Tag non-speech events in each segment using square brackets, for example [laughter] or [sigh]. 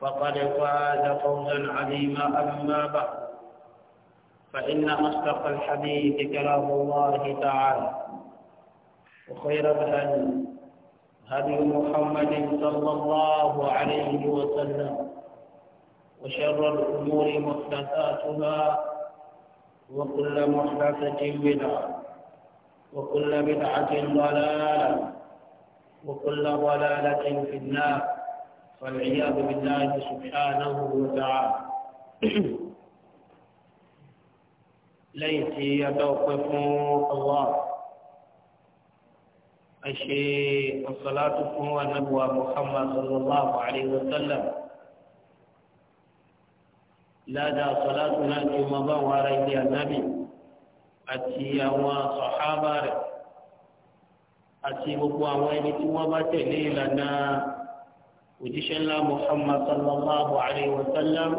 فقد فاز فوزا عظيما أما بعد فإن أصدق الحديث كلام الله تعالى وخير الهدي هدي محمد صلى الله عليه وسلم وشر الأمور محدثاتها وكل محدثة بدعة وكل بدعة ضلالة وكل ضلالة في النار والعياذ بالله سبحانه وتعالى ليس يتوقف الله أشيء الصلاة هو نبوة محمد صلى الله عليه وسلم لا دا صلاتنا في مضى ورأي النبي أتي صحابة أتي بقوة وين تمضى تليلنا ودشنا محمد صلى الله عليه وسلم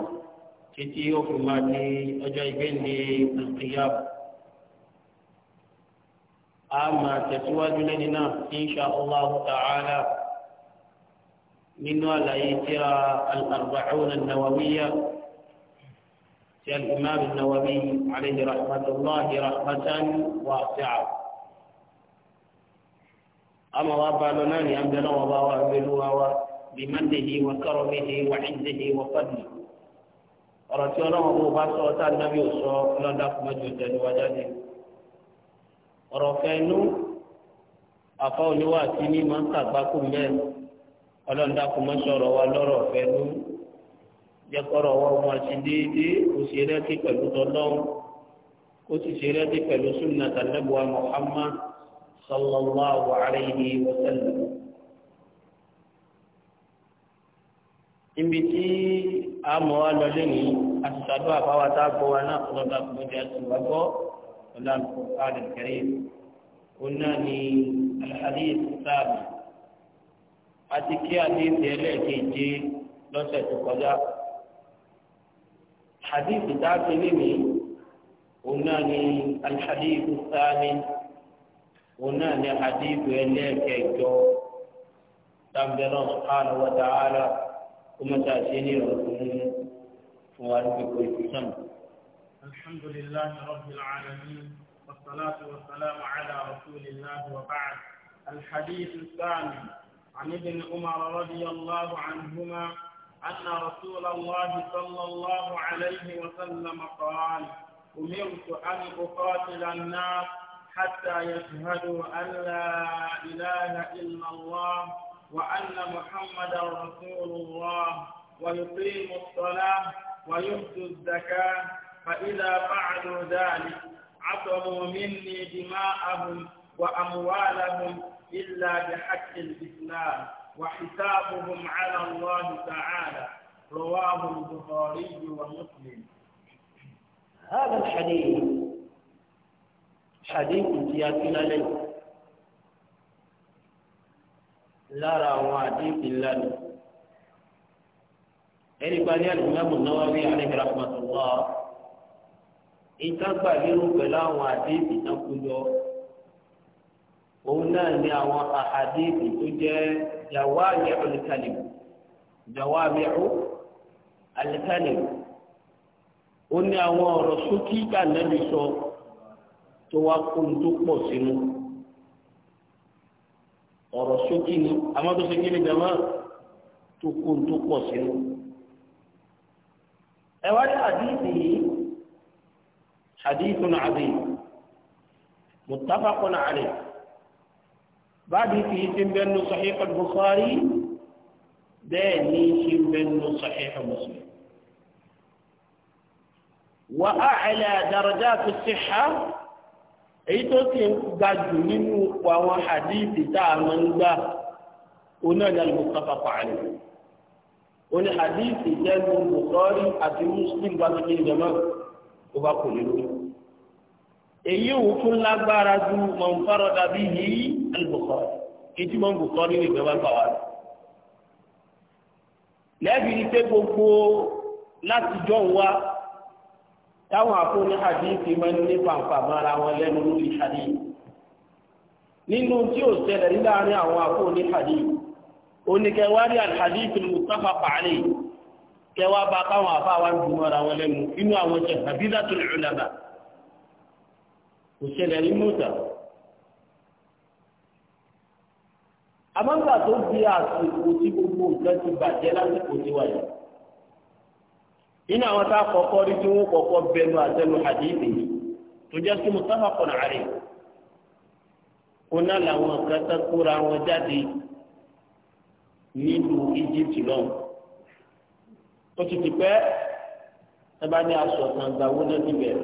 تتيو في ما دي أجايبين لي القياب أما تتوى جلننا إن شاء الله تعالى من ولا يترى الأربعون النووية الإمام النووي عليه رحمة الله رحمة واسعة أما وابا لنا يمدنا وابا وابلوا وابا بمنه وكرمه وعزه وفضله ọ̀rọ̀tí ọlọ́run kò bá sọ tá nàbí òsọ lọ́dà kùmọ́jọ tẹ̀lé wa jáde ọ̀rọ̀ fẹ́ẹ́nú àfa oníwà tí ní máa ń kàgbákò mẹ́ẹ̀ ọlọ́dà kùmọ́jọ ọ̀rọ̀ wa lọ́rọ̀ fẹ́ẹ́nú jẹ́kọ̀rọ̀ wa ọmọ àti déédéé kò sí rẹ́tí pẹ̀lú tọ́lọ́run kò sì sí rẹ́tí pẹ̀lú sunnah tàlẹ́bùwà Muhammad sallallahu alayhi wa sallam. níbi tí a mọ̀ wá lọ lẹ́nu àṣìṣàdó àbáwá tá a gbọ́ wa náà ọlọ́dà kò jẹ́ àṣìwá gbọ́ ọ̀là àdùn kẹrẹ́ ọ̀nà ni àlàyé sáàbì àti kí àdéhùn ẹlẹ́ẹ̀keje lọ́sẹ̀ tó kọjá àdéhùn dáàbì lẹ́nu ọ̀nà ni àlàyé sáàbì ọ̀nà ni àdéhùn ẹlẹ́ẹ̀kẹjọ tàbí lọ́sùn àlọ́wọ́dà kuma ta ce ne wa الحمد لله رب العالمين والصلاة والسلام على رسول الله وبعد الحديث الثاني عن ابن عمر رضي الله عنهما أن رسول الله صلى الله عليه وسلم قال أمرت أن أقاتل الناس حتى يشهدوا أن لا إله إلا الله وأن محمدا رسول الله ويقيم الصلاة ويؤتوا الزكاة فإذا فعلوا ذلك عصموا مني دماءهم وأموالهم إلا بحق الإسلام وحسابهم على الله تعالى رواه البخاري ومسلم هذا الحديث حديث زياد عليه lára àwọn àdéhùn ńlá ni ẹnì kan ní àdìmọ́mù Nawawi alayhi rahmatullah ìtàgbà lérò pẹ̀lú àwọn àdéhùn ìtàkùjọ òun náà ní àwọn àhàdéhùn tó jẹ́ jawami'ul kalim jawami'u al-kalim ó ní àwọn ọ̀rọ̀ sókí kà sọ tó wá kó pọ̀ sínú. ọ̀rọ̀ sókè ni àmọ́ tó ṣe kí ni jama tó kó tó pọ̀ sí sínú. ẹ wá ní àdìsí yìí àdìsí náà àdìsí muttafaqun alayh báàbí fi ti ń bẹnu Sahih al bukari bẹ́ẹ̀ ni ṣe ń bẹnu Sahih Muslim. وأعلى درجات الصحة èyí tó sì ń ga jù nínú ọ̀pọ̀ àwọn hadithi tá a máa ń gbà oní ọ̀nà al-Mustafa pààlẹ̀ oní hadithi jẹ́nu Bukhari àti Muslim bá ti kéde jọmọ́ ó bá kò lérò èyí òun tún lágbára ju mọ̀nfàrọ̀ dàbí yìí al-Bukhari ètí mọ̀ Bukhari ní ìjọba wá lẹ́bi ni pé gbogbo láti jọ̀ wá táwọn àfúnni hadithi máa ń ní pàǹpà mọ́ra wọn lẹ́nu lórí hadith nínú tí ó ṣẹlẹ̀ ní láàrin àwọn àfúnni hadith oníkẹwárí alhadith mustafa pàálí kẹwàá bá káwọn àfa wa ń dùn mọ́ra wọn lẹ́nu inú àwọn jẹ àbídà tó lùlànà kò ṣẹlẹ̀ nínú ìta. tó di àsìkò tí gbogbo nǹkan ti bàjẹ́ lásìkò tí wáyé inú àwọn tá a kọ́kọ́ rí tí wọ́n kọ́kọ́ bẹnu àtẹnu àdéhìí yìí tó jẹ́ sí mutafaqun alayh kóná làwọn kẹta kóra wọn jáde nílùú Egypt lọ́wọ́ ó ti ti pẹ́ ẹ bá ní aṣọ kàǹgbà ti bẹ̀rẹ̀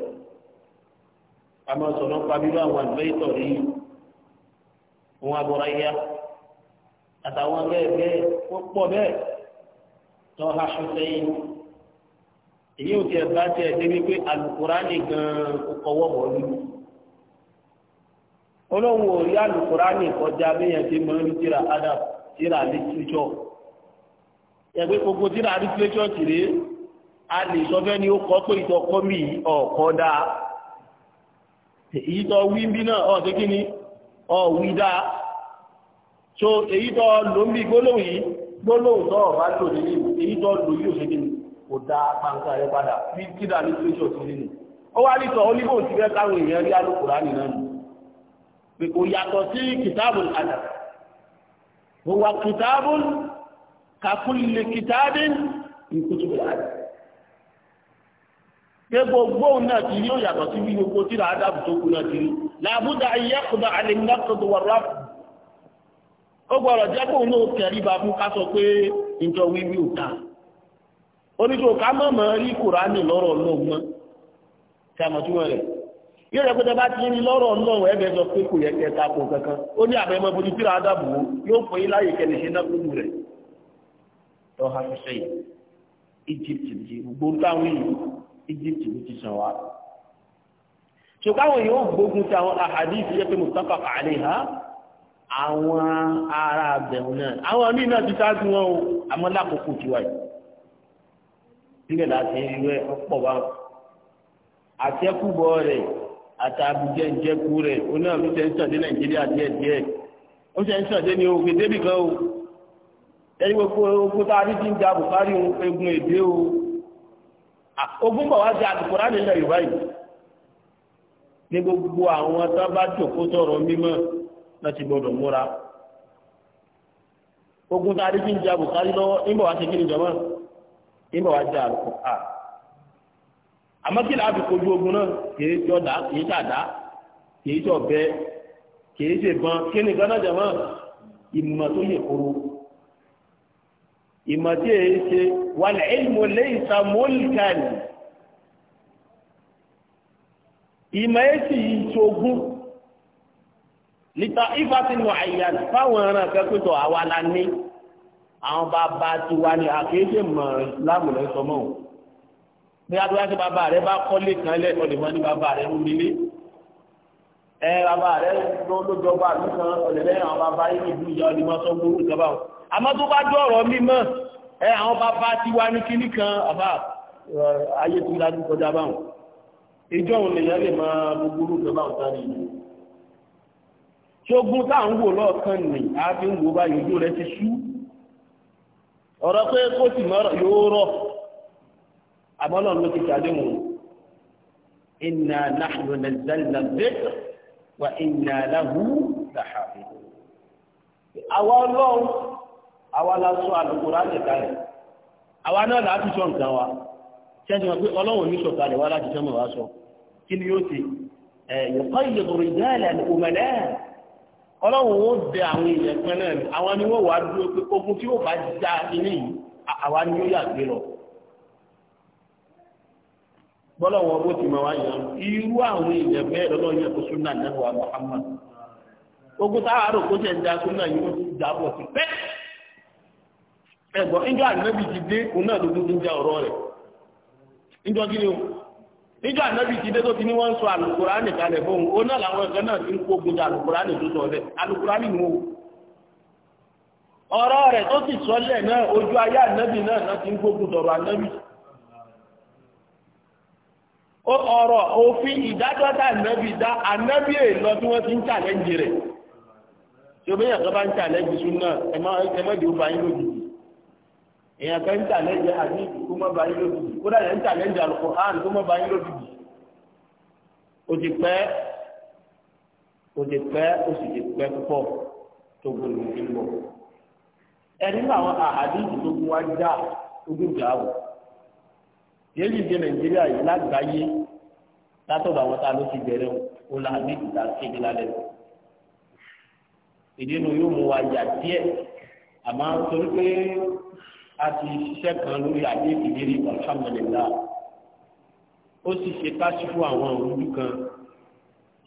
àmọ́ sọ̀rọ̀ pàbílú àwọn àgbẹ̀yìntọ̀ rí wọn abọ́ra yá àtàwọn bẹ́ẹ̀ bẹ́ẹ̀ wọ́n pọ̀ bẹ́ẹ̀ tọ́ aṣọ sẹ́yìn. èyí ò tiẹ̀ bá tiẹ̀ débi pé gan-an kọ́wọ́ bọ̀ lù. olóhùn ò rí kọjá béèyàn ti máa ń tíra adab tíra lítírítọ̀. ẹgbẹ́ gbogbo tíra lítírítọ̀ ti a ni ó kọ́ pé ìtọ́kọ́ mi ọ̀kọ́ èyí tó wí bí náà ọ̀ so èyí tó bí gbólóhùn yìí gbólóhùn tó ọ̀ bá kò dá pàǹkà rẹ padà bí kídà ní tíṣọ̀ tó nínú ó wá nítọ̀ ó níbò tí fẹ́ káwọn èèyàn rí alùpùrá nìyà nù pé kò yàtọ̀ sí kìtàbùn àdà kò wà kìtàbùn kàkúlè kìtàbín ìkútùbù àdà pé gbogbo náà ti rí ó yàtọ̀ sí bí gbogbo tí ra ádàbù tó kú náà ti rí làbúdà ayẹ́kùdà alẹ́mìnàkùdù wà ráfù ó gbọ́dọ̀ jẹ́ kóun náà kẹrí bá ká sọ pé ìjọ wíwí ò dáa oníṣòwò ká mọ̀ mọ́ rí kùránì lọ́rọ̀ ọlọ́run mọ́ tí a mọ̀ túmọ̀ rẹ̀ yóò rẹ̀ pẹ́tẹ́ bá ti rí lọ́rọ̀ ọlọ́run ẹ̀bẹ̀ sọ pé kò yẹ kẹta kò kankan ó ní àbẹ̀mọ́ ibi tí ra dàbò yóò pè é láyè kẹlẹ̀ ṣe náà lójú rẹ̀ tọ́ ha fi sẹ́yìn Egypt ti gbogbo táwọn yìí Egypt ti sàn wá ṣùgbọ́n yóò gbógun ti àwọn àhàdíìsì yẹ pé mustapha kàlẹ́ ha àwọn ará abẹ̀wò náà àwọn míì náà ti sáájú wọn o àmọ́ lákòókò tiwa yìí níbẹ̀ láti rí rẹ ọ̀pọ̀ bá àtẹ́kùbọ̀ rẹ̀ àtàbùjẹ́ ìjẹ́kù rẹ̀ náà ọ̀rọ̀ ṣe ń sọ̀dé nàìjíríà díẹ̀díẹ̀ ó ṣe ń ní ogun débì kan o ẹni gbogbo ogun tá a rí ti ń èdè o ogun bọ̀ gbogbo àwọn tó bá jòkó sọ̀rọ̀ mímọ́ láti gbọdọ̀ múra ogun a rí ti ń lọ́wọ́ wá sí ìmọ̀ wá jẹ́ àlùkò fi kojú ogun náà kìí ṣe ọ̀dà kìí ṣe àdá kìí ṣe ọ̀bẹ kìí ṣe ìbọn kí ni gánà jẹ̀ wọ́n ìmọ̀ tó yẹ kóró ìmọ̀ tí èyí ṣe wàlẹ̀ ìlmù lẹ́yìn sàmúlìkàlì ìmọ̀ ìfàsínú fáwọn ẹran àwa la ní. àwọn bàbá ti wá ní àkéjì mọ̀ láàmù lẹ́ sọ o bí a tó wá sí bàbá rẹ bá kọ́lé kan lẹ́ ọ̀lẹ̀ mọ́ ní bàbá rẹ ló nílé ẹ bàbá rẹ lójọba nìkan ọ̀lẹ̀ lẹ́yìn àwọn bàbá yìí ìlú ìyá ọ̀lẹ̀ mọ́ sọ gbórú ìjọba o àmọ́ tó bá jọ ọ̀rọ̀ mímọ́ ẹ àwọn bàbá ti wá ní kíní kan àbá ayé tó lájú kọjá báwọn ìjọ òun lèyàn lè máa gbogbo ìjọba ọ̀tá ní ìlú ṣogun táà ń wò lọ́ọ̀kan nì á fi ń wò báyìí ojú rẹ ti ṣú ọ̀rọ̀ pé kó sì mọ́ yóò rọ̀ àmọ́ náà ló ti ṣàdéhùn inna nahnu nazzalna dhikra wa inna lahu lahafidun àwa ọlọ́run àwa la sọ Al-Kùránì kalẹ̀ àwa náà là sọ nǹkan wa sẹ́ni wọn pé ọlọ́run ní sọ̀kalẹ̀ wa láti sọ́mọ̀ wa sọ kí ni yóò ti ẹ̀yọ̀kọ́ ìlẹ̀kùnrin jẹ́ ẹ̀lẹ́ ọlọ́run ó dẹ àwọn èèyàn kan náà ni àwọn ni wọ́n wàá dúró pé ogun tí ó bá já ilé yìí ni ó yàgbé lọ bọ́lọ́wọ́ bó ti irú àwọn èèyàn lọ́lọ́run kó náà ogun kó da yìí ti jábọ̀ sí pẹ́ ẹ̀gbọ́n ti dé òun náà ló ń já ọ̀rọ̀ rẹ̀ níjọ́ ànábì ti dé tó ti ní wọ́n ń sọ alukurani kalẹ̀ fún un ó náà làwọn ẹ̀kẹ́ náà ti ń kó gbogbo alukurani tó sọ lẹ̀ alukurani wo ọ̀rọ̀ rẹ̀ tó sì sọlẹ̀ náà ojú ayé ànábì náà náà ti ń gbógun tọ̀rọ̀ ànábì ọ̀rọ̀ òfin ìdájọ́ tá ànábì dá ànábì èlọ tí wọ́n ti ń challenge rẹ̀ tí o bẹ́yàn kan bá ń challenge sunna ẹ̀ má ẹ̀ má dé lójijì èèyàn kan ń challenge hadith kó má ba yín lójijì kódà yẹn ń challenge alukur'an kó má ba yín lójijì ó ti pẹ́ ó ti pẹ́ ó sì ti pẹ́ púpọ̀ tó gbọ́dọ̀ ní bọ̀ ẹni nínú àwọn hadith tó kún wá já ogún gbà wọ̀ yéé yìí dé nàìjíríà yìí lágbàáyé látọ̀dọ̀ àwọn tá a ló ti bẹ̀rẹ̀ o là ní ìdá kéde lálẹ́ ìdí inú yóò mú wa yà díẹ̀ àmọ́ torí pé a ti ṣiṣẹ́ kan lórí adé ìdílé alhamdulillah ó sì ṣe káṣífù àwọn òwúrú kan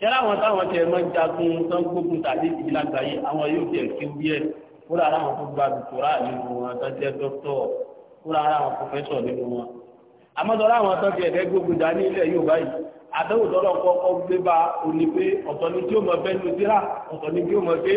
yálà àwọn táwọn tẹ mọ jagun tán gbógun tàbí ìdílé lágbàáyé àwọn yóò tẹ kí wí ẹ kóra ara àwọn tó gba dùkúrà nínú wọn tó jẹ dókítọ kóra ara àwọn pòfẹsọ nínú wọn àmọ́tọ́lá àwọn tó ti ẹ̀fẹ́ gbógun dá ní ilẹ̀ yóò báyìí àdéhùn tọ́lọ́ kọ́kọ́ gbé bá òní pé ọ̀tọ̀ ni tí ó mọ fẹ́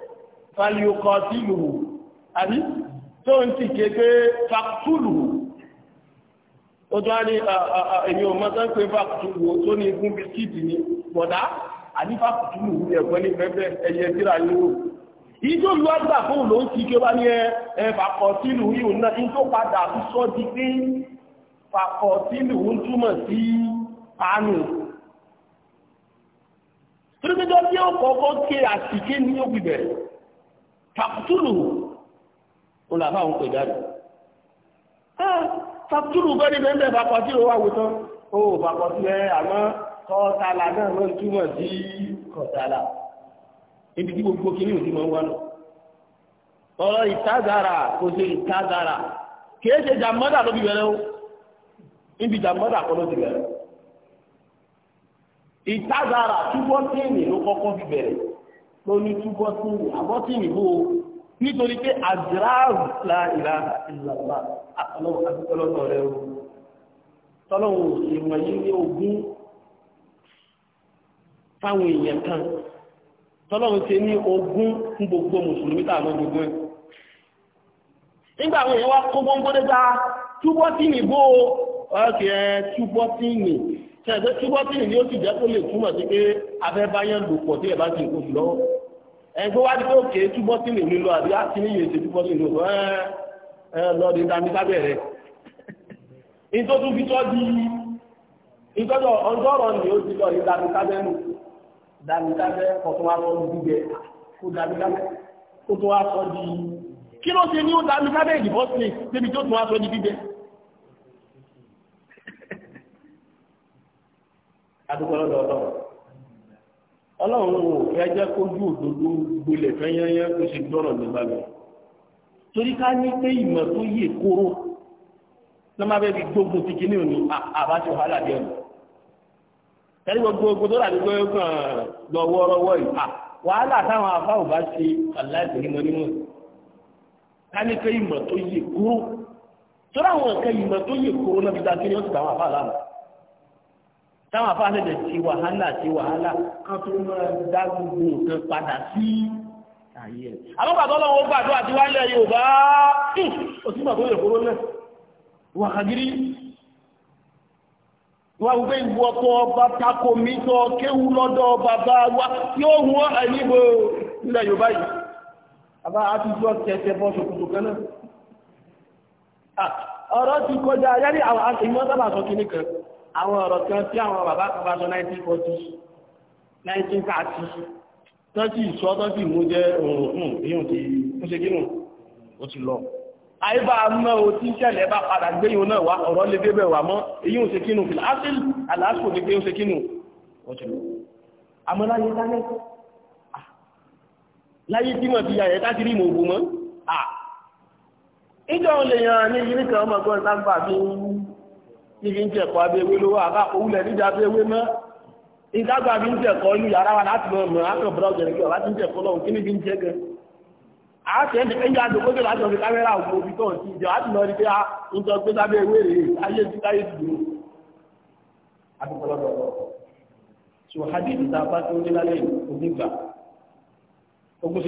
fàlìkọ̀ sílù àbí tó ń ti ké pé fàkúlù ó tó á ní èmi ò mọ́tán pé fàkúlù tó ní igun bisikíìtì ní bọ̀dá àbí fàkúlù ní ẹ̀kọ́ ní pẹ́pẹ́ ẹyẹ tíra yóò ìjọ lu àgbà fóun ló ń ti ké wá ní ẹ fàkọ̀ sílù yìí ó kọ́kọ́ fàkútùlù ó là fáwọn pè jáde fàkútùlù bẹ́ẹ̀ ni bẹ́ẹ̀ bẹ́ẹ̀ bá kọjú owó àwùjọ ó bá kọjú ẹ àmọ́ kọ́tàlà náà ló ń túmọ̀ sí kọ́tàlà níbi tí gbogbo kìíní òsì máa ń wá lọ ọ̀rọ̀ ìtazára kò ṣe ìtazára kìí ṣe jàmọ́dà ló bí bẹ̀rẹ̀ o níbi jàmọ́dà kọ́ ló ti bẹ̀rẹ̀ ìtazára tí wọ́n tẹ̀lé ló kọ́kọ́ bí bẹ̀rẹ̀ tó ní túbọ́ sí àbọ́tí ìbò nítorí pé àdìráàrù la ìlànà ìlànà àtọ́lọ́wọ́ àtọ́lọ́tọ̀ rẹ̀ o tọ́lọ́wọ́ ìwọ̀n yìí ní ogún fáwọn èèyàn kan tọ́lọ́wọ́ ṣe ní ogún fún gbogbo mùsùlùmí tààmọ́ gbogbo ẹ̀ nígbà àwọn èèyàn wá kó gbóngbó dé gbá túbọ́ sí ìbò ọkẹ́ túbọ́ sí ìbò sẹ̀dẹ̀ tí wọ́n tìrì ni ó sì jẹ́ kó lè túmọ̀ sí pé afẹ́ báyẹn lò pọ̀ tí ẹ̀ bá ti kó fi lọ́wọ́ ẹgbẹ́ wá dídé òkè túbọ̀ sí lè nílò àbí àti níyẹn ṣe túbọ̀ sí lè lò ẹ ẹ lọ́ọ̀dì dání sábẹ̀rẹ̀ ìtọ́jú fi tọ́ di ìtọ́jú ọ̀ndọ́rọ̀ ni ó ti lọ́ọ̀dì dání sábẹ̀rẹ̀ dání sábẹ̀rẹ̀ kọ̀tún wá lọ́ọ̀dì gbígbẹ kó dání sábẹ̀rẹ̀ kó tó wá sọ di kí ló ṣe ní ó dání sábẹ̀rẹ̀ ìdìbọ̀ sí adúgbò lọ́dọ̀ ọlọ́run ọlọ́run ò fẹ́ jẹ́ kójú òdodo gbolẹ̀ fẹ́yẹ́yẹ́ kó ṣe gbọ́rọ̀ nígbà lọ torí ká ní pé ìmọ̀ tó yè kóró lọ́mọ abẹ́ fi gbógun ti kíní òní àbá ti wàhálà díẹ̀ nù tẹ́lí gbogbo ogun tó dàbí pé kàn lọ wọ́ọ́rọ́wọ́ yìí à wàhálà táwọn afá ò bá ṣe aláìsí nímọ̀ nímọ̀ ká ní pé ìmọ̀ tó yè kóró torí àwọn nǹkan ìmọ̀ tó yè kóró náà fi dá kí ni ti dá àwọn afá láàmú táwọn afáàlẹ̀ lè ti wàhálà ti wàhálà kan tó máa dá gbogbo nǹkan padà sí ààyè ẹ̀. àbọ̀bàtọ́ lọ́wọ́ gbàdúrà ti wálẹ̀ Yorùbá òsínbà tó yẹ kóró náà wàhagiri wọ́n gbé ìwọ tó ọba tako mi tó kéwu lọ́dọ̀ bàbá wa yóò wọ́n ẹ̀yìnbó nílẹ̀ Yorùbá yìí àbá àtijọ́ tẹ̀tẹ̀ bọ́ ṣòkòtò kan náà ah, ọ̀rọ̀ ti kọjá yẹ́rì àwọn àti ìmọ̀ sábà sọ kìnnìkan àwọn ọ̀rọ̀ kan tí àwọn bàbá kan bá sọ 1940 1930 tọ́jú ìṣọ́ tọ́jú ìmú jẹ́ òun ìyún ti ń ṣe gínú ó ti lọ àyíbá mọ́ o tí ṣẹlẹ̀ bá padà gbéyìn náà wá ọ̀rọ̀ lè débẹ̀ wà mọ́ ìyún ṣe kínú fìlà áṣìl àlàáṣò ní pé ó ṣe kínú ó ti lọ àmọ́láyé dáná láyé tí mọ̀ fi yà yẹta ti rí mọ̀ ògùn mọ́ à ìjọ lèèyàn ní ìríkà ọmọ gbọ́n sáńgbà fi ń níbi ń jẹ̀kọ́ abẹ́wé lówó àbákò wúlẹ̀ níjà abẹ́wé mọ́ ìdágbà bí ń jẹ̀kọ́ inú yàrá wa láti lọ mọ̀ ákàn bọ́rọ̀ jẹ̀rẹ̀ kí ọ̀lá ti ń jẹ̀kọ́ lọ́wọ́ kí níbi ń jẹ́ gan àti ẹni pé ń yá àdókòjò láti ọ̀fẹ́ kámẹ́rà òkú òbí tó ń ti jẹ́ láti lọ rí pé a ń sọ pé sábẹ́ ewé rèé ayé ti káyé dùn àtúkọ̀lọ́dọ̀ so hadith ta bá tó ní lálẹ́ ògbégbà ogún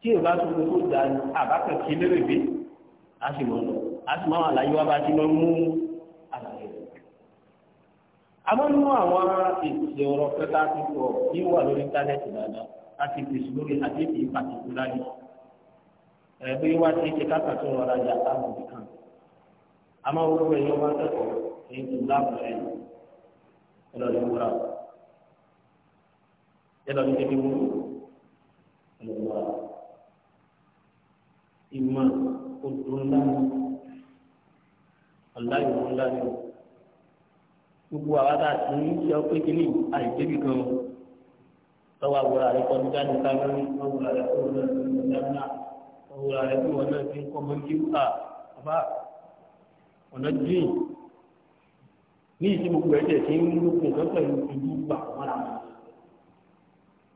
tí èèbá tó gbogbo dání àbákẹ́ kí a sì mọ̀ lọ a ti máa àlàyé wa bá ti máa mú àlàyé rẹ̀. àmọ́ nínú àwọn èsì ọ̀rọ̀ pẹ́ta ti pọ̀ ní wà lórí íńtánẹ́ẹ̀tì dáadáa láti fèsì lórí àdébì pàtìkúláyì ẹ̀bí wá ti ṣe káàkiri tó rọra jà láàbù nìkan àmọ́ orúkọ ẹ̀yọ́ máa ń kẹ́kọ̀ọ́ èyí tó láàbù rẹ̀ ẹlọ́dún wúrà ẹlọ́dún tẹ́lẹ̀ wúrà ẹlọ́dún wúrà ìmọ̀ òdùnlá ọláyò ńlá ni o gbogbo àwa tá a ti ń ṣe ọ pé kínní àìdébì gan o lọ́wọ́ àwòrán rẹ kọ́ ní dání kámẹ́rì lọ́wọ́ rẹ kó wọn náà ti ń lọ dáná lọ́wọ́ rẹ kó wọn náà ti ń kọ́ mọ́ kí wà bàbá ọ̀nà ní ìsí gbogbo ẹ̀jẹ̀ tí ń lókun kan pẹ̀lú ìlú gbà wọn là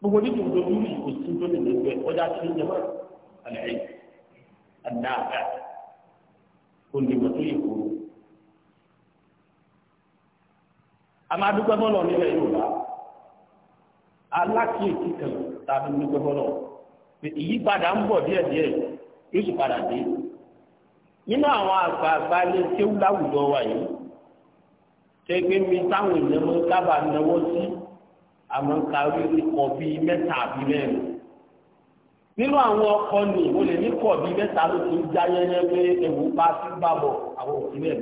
gbogbo ní tòun tó dúró kò sí tó lè lẹ́gbẹ́ ọjà tí ń yẹ mọ́ àlẹ́ àdáàbà olùdìbò tó yẹ amadúgbẹ́ bọ́lọ̀ nílẹ̀ Yorùbá alákìyèsí kan tàbí dúgbẹ́ bọ́lọ̀ ìyípadà ń bọ̀ díẹ̀díẹ̀ yóò sì padà dé nínú àwọn àgbààgbà ilé kéwú láwùjọ wa yìí tẹgbẹ́ mi táwọn èèyàn mọ sábà náwó sí àmọ́ kárí ikọ̀ bíi mẹ́ta àbí mẹ́rin nínú àwọn ọkọ ni mo lè ní kọ̀ bíi mẹ́ta ló ti ń já yẹ́yẹ́ pé ẹ̀wù bá sí bàbọ̀ àwọn òfin ẹ̀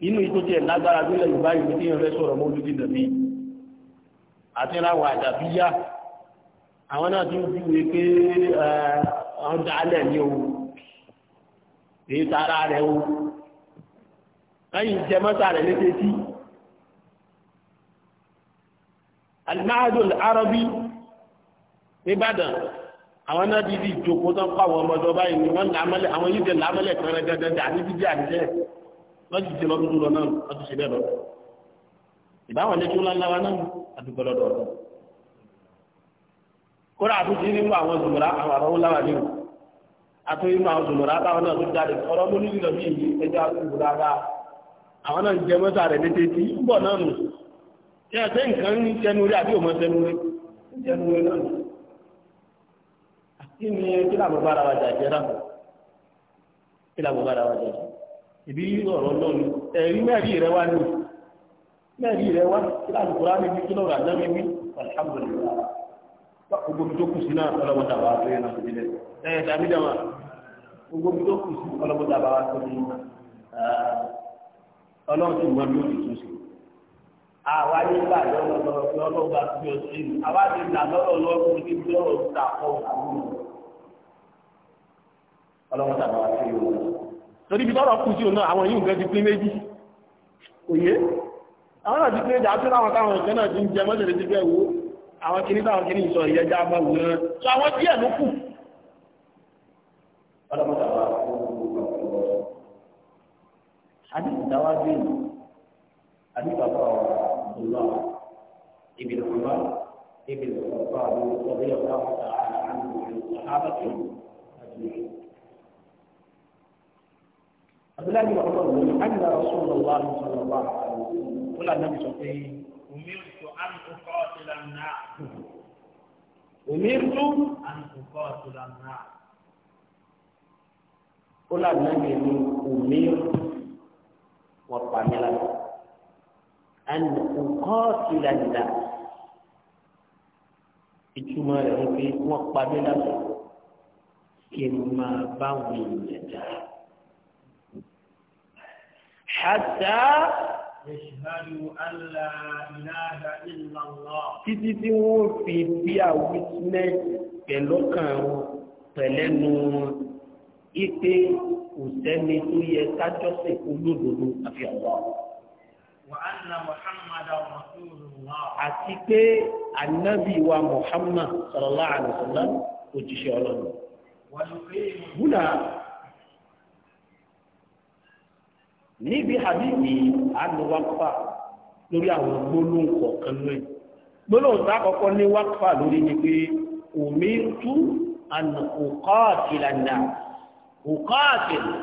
inú ikú tiẹ̀ lágbára gbílẹ̀ yorùbá yìí tí yẹn fẹ́ sọ̀rọ̀ mọ́ olùdí nàbí àti ráwọ̀ àdàbíyá àwọn náà ti ń júwe pé àwọn dálẹ̀ ní o èyí tara rẹ̀ o lẹ́yìn jẹmọ́ta rẹ̀ létetí alimahadul arabi nìbàdàn àwọn náà ti di ìjókòó tán pa àwọn ọmọdé ọba yìí ni wọ́n làmọ́lẹ̀ àwọn yìí tẹ̀ làmọ́lẹ̀ kan rẹ̀ dandan dà bíbí àdìjẹ́ lọ́jọ́ ti lọ́dún tó lọ náà wọ́n ti ṣe bẹ́ẹ̀ lọ. ìbáwọn ilé tó ńláńlá wa náà àdúgbò lọ́dọ̀ ọ̀dọ̀. kódà àtúntì nínú àwọn zùmùrà àwọn àbáwọ́ láwà ní o àtúntì nínú àwọn zùmùrà báwọn náà tó jáde ọ̀rọ̀ mú nílò ní ìyí ẹjọ́ àtúntò dáadáa àwọn náà ń jẹ mọ́tà rẹ̀ létí ń bọ̀ náà nù kí ni kí làbọ̀ bára wa jà jẹ́ rà kí wa jà jẹ́ ìbí ọ̀rọ̀ lọ́nu ẹ̀rí mẹ́rí rẹ wá ní mẹ́rí rẹ wá kí lálùkùrá ní bí kí lọ́rọ̀ àná mi wí alhamdulilayi gbogbo mi tó kù sí náà ọlọ́mọdé àbá tó yẹn náà tó yẹn ẹ̀ ẹ̀ dàbí dàmà gbogbo mi tó kù sí ọlọ́mọdé àbá tó yẹn ọlọ́run ti wọ́n lórí ìtúnṣe àwa ní ìgbà lọ́wọ́ lọ́wọ́ tí ó ti ń àwa ti gbà lọ́wọ́ lọ́wọ́ ní bí ọ̀rọ̀ ta kọ́ ọ̀hún ọlọ́run tàbí wá sí ìwọ̀n torí ibi tọ́rọ kù sí òun náà àwọn yìí nǹkan ti pín méjì òye àwọn náà ti pín méjì àti láwọn táwọn ìṣẹ́ náà ti ń jẹ mọ́sẹ̀lẹ̀ ti fẹ́ wo àwọn kìíní táwọn kìíní ìṣọ ìyẹjá bá wù náà so àwọn díẹ̀ ló kù Ibi ìlú ọ̀pá àwọn ọ̀pọ̀ ilé ọ̀pá àwọn ọ̀pá àwọn ọ̀pá àwọn ọ̀pá abdullahi wa ọlọ́run ló ní àgbà ọ̀ṣun lọ́wọ́ àlùsọ̀rọ̀ wà ó là náà sọ pé omi ò tó àlùkò ọ̀tí là ń nà omi ò tó àlùkò ọ̀tí là ń nà ó là náà ní omi wọ̀ pàmì lánàá àlùkò ọ̀tí là nà ìtumọ̀ rẹ̀ wípé wọ́n pa kí n máa bá wọn èèyàn dáa hatta títí tí wọ́n fi bí àwítínẹ́ pẹ̀lọ́kàn wọn pẹ̀lẹ́nu wọn ipe kò sẹ́ni tó yẹ kájọ́sìn olódodo àfi Allah. wa anna muhammadan rasulullah. àti pé anabi wa muhammad sallallahu alaihi wasallam òjíṣẹ́ ọlọ́run. wàlúùkì. wúlà. níbi àbíbí àlùwákfà lórí àwọn gbólóhùn kọ̀ọ̀kan ní ẹ̀ gbólóhùn tá àkọ́kọ́ ní wákfà lórí ni pé omi tú àna òkọ́ọ̀tìlànà òkọ́ọ̀tìlà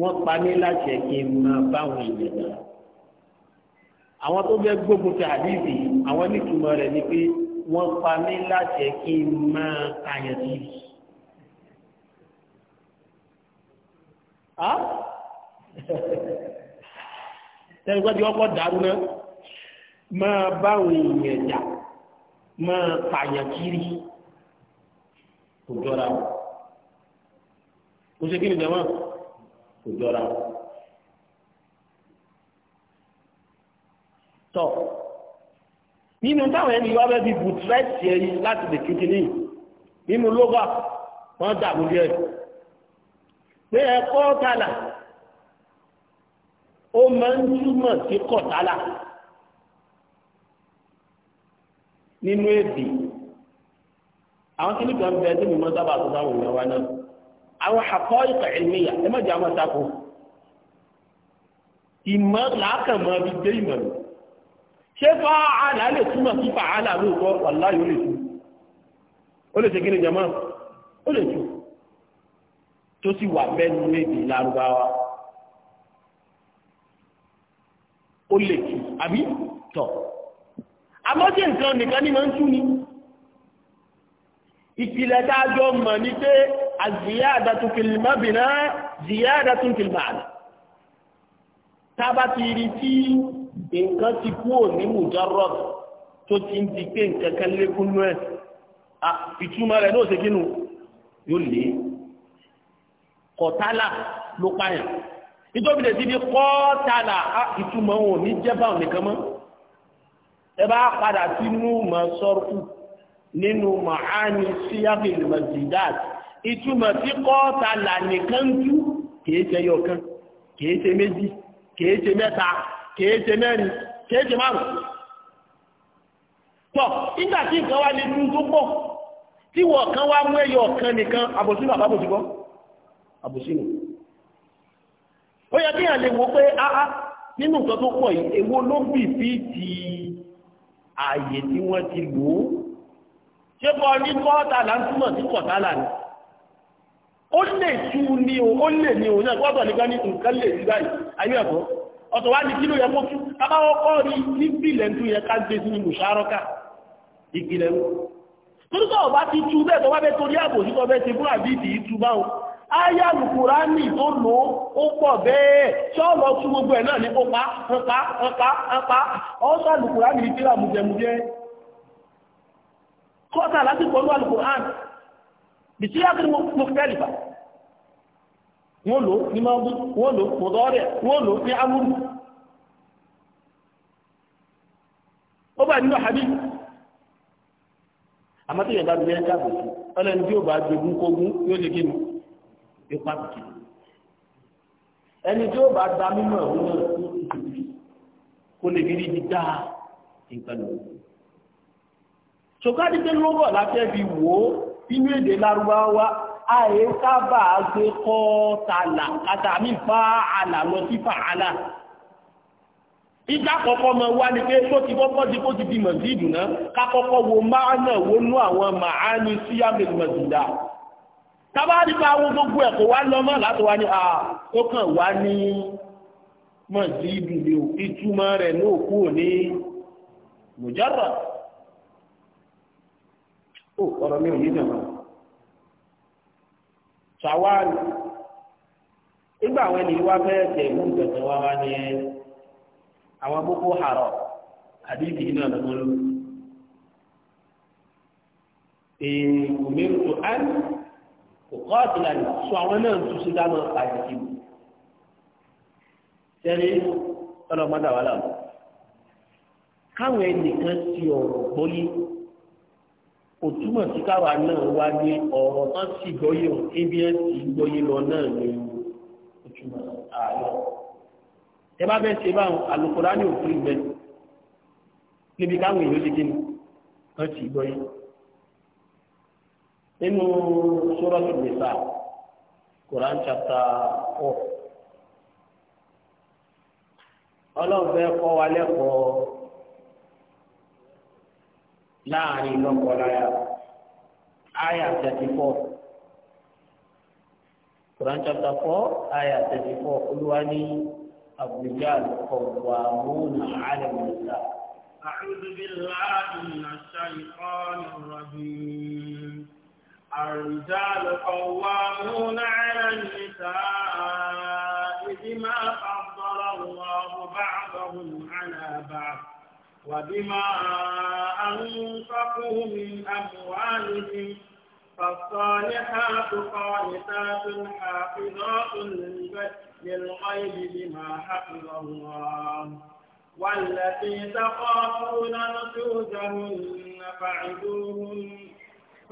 wọ́n pa mí láti ẹ̀kí máa báwọn ènìyàn àwọn tó fẹ́ gbógun ti àbíbí àwọn nítumọ̀ rẹ̀ ni pé wọ́n pa mí láti ẹ̀kí máa kàyàn sí i á tẹ́lifá ti ọkọ̀ dàrú náà máa báwọn èèyàn jà máa pààyàn kiri kò jọra o kò ṣe kí ni jama kò jọra o tọ nínú táwọn ẹni wá bẹ́ẹ̀ fi bùtúrẹ́sì ẹ láti lè kékeré nínú lóga wọ́n dàbò díẹ̀ pé ẹ̀kọ́ tààlà ó máa ń túmọ̀ sí kọ̀tàlà nínú èdè àwọn kí ní kan bẹ tí mi mọ́ sábà tó sáwọn èèyàn wa náà àwọn àkọ́ ìkọ̀ ìmìyà ẹ má jẹ́ àwọn tako ìmọ̀ làákàmọ́ bí gbé ìmọ̀ rẹ̀ ṣé fàálà lè túmọ̀ sí fàálà lóòótọ́ wàláyé lè tú ó lè ṣe kí ni jẹ́mọ́ ó lè tú tó sì wà mẹ́nu lédè lárúbáwá ó lè kí àbí tọ̀ àmọ́jẹ́ nǹkan nìkan ní máa ń tú ni ìpìlẹ̀ tá a jọ mọ̀ ní pé àzìyáàdàtún kìlìmọ́bìnà zìyáàdàtún kìlìmọ́bìnà tá a bá ti rí tí nǹkan ti kú òní mujarrad tó ti ń di pé nǹkan kan lékún náà ìtumọ̀ rẹ̀ ló ṣe kínú yóò lé kọ̀tálà ló pààyàn nítorí lè ti di kọ́tálà ìtumọ̀ wọn ní jẹ́bà nìkan mọ́ ẹ bá padà sínú mọ̀ sọ́rùkù nínú màáni síyáàbì mọ̀jìdáàt ìtumọ̀ tí kọ́tálà nìkan tú kìí ṣe yọkan kìí ṣe méjì kìí ṣe mẹ́ta kìí ṣe mẹ́rin kìí ṣe márùn tọ́ nígbà tí nǹkan wá lè dún tó pọ̀ tí wọ̀ kan wá mú ẹyọ kan nìkan àbòsí bàbá bòsí bọ́ àbòsí nù ó yẹ kí àlè wo pé áá ah, ah, nínú nǹkan tó pọ̀ yìí èwo ló bì sí ti ààyè tí wọ́n ti lò ó ṣé kọ́ ní kọ́ọ̀tà là ń túmọ̀ sí kọ̀tàlà ni ó lè tú ni o ó lè ní o náà gbọ́dọ̀ nígbà ní nǹkan lè rí báyìí ayé ẹ̀kọ́ ọ̀tọ̀ wá ní kí ló yẹ kó tú abáwọ́ kọ́ rí nípìnlẹ̀ tó yẹ ká gbé sínú mùsàárọ́kà ìpìlẹ̀ wọn. torí sọ̀rọ̀ bá ti tú bẹ́ẹ̀ tó wá bẹ́ẹ̀ torí àbòsí tó bẹ́ẹ̀ ti fún àbí ìdí tú báwọn áyà lùkùránì tó lò ó pọ̀ bẹ́ẹ̀ ṣọ́ọ̀lọ́ tún gbogbo ẹ̀ náà ní kó pa pa pa pa ọ́sà lùkùránì tíra mùjẹmùjẹ kọ́sà lásìkò olúwa lùkùránì bìtíyà kí mo fẹ́ lìfà wọ́n lò ní máa bú wọ́n lò wọ́n lò ní ó bá nínú àbí bá gbé ipa bìkì ẹni tí ó bá gba mímọ̀ òun náà kó lè rí ibi dáa nǹkan lò ṣùgbọ́n àdìgbẹ́ lọ́wọ́ láfẹ́ fi wò ó inú èdè lárúbáwá àyè sábà gbé kọ́ tààlà àtàmì fa àlà lọ sí fa àlà ìjà kọ̀kọ́ mọ̀ wá ní pé tó ti kọ́kọ́ di kó ti di mọ̀sídù náà ká kọ́kọ́ wo máa náà wo nú àwọn màá ní síyámi mọ̀sídà tábàdì bá wo gbogbo ẹ̀ kò wá lọ mọ́ láti wá ní à ó kàn wá ní mọ̀jì ìdùnnú ìtumọ̀ rẹ̀ ní òkú òní mùjọ́rọ̀ ó ọ̀rọ̀ mi ò yé jọ̀mọ́ ṣàwárí nígbà àwọn ènìyàn wá fẹ́ tẹ̀ mú ìgbẹ̀tẹ̀ wá wá ní àwọn Boko Haram àdìsí náà lọ́mọ́lú. Èèmù mi ń á ní kò kọ́ àtìlá ní sọ àwọn náà ń túnṣe dáná àti ìbò sẹ́ni ọlọ́mọdé àwọn àlọ́ káwọn ẹnìkan ti ọ̀rọ̀ gbóyé òtúmọ̀ sí káwa náà wá ní ọ̀rọ̀ tán sì gbóyé o ebi ẹ̀ sì gbóyé lọ náà ní òtúmọ̀ àlọ́ ẹ bá bẹ́ẹ̀ ṣe báwọn Àlùkùránì òfin bẹ́ẹ̀ níbi káwọn èèyàn ṣe kí ni wọ́n ti gbóyé nínú suratul nisa Quran chapter four ọlọ́run fẹ́ kọ́ wa lẹ́kọ̀ọ́ láàrin lọ́kọ̀ọ́láyà aya thirty four Quran chapter four aya thirty four olúwa ní àbújá ọ̀gbà múnà àlẹ́mọ̀lá. أعوذ بالله من الشيطان الرجيم الرجال قوامون على النساء بما فضل الله بعضهم على بعض وبما أنفقوا من أموالهم فالصالحات قانتات حافظات للغيب بما حفظ الله والتي تخافون نشوزهن فعدوهن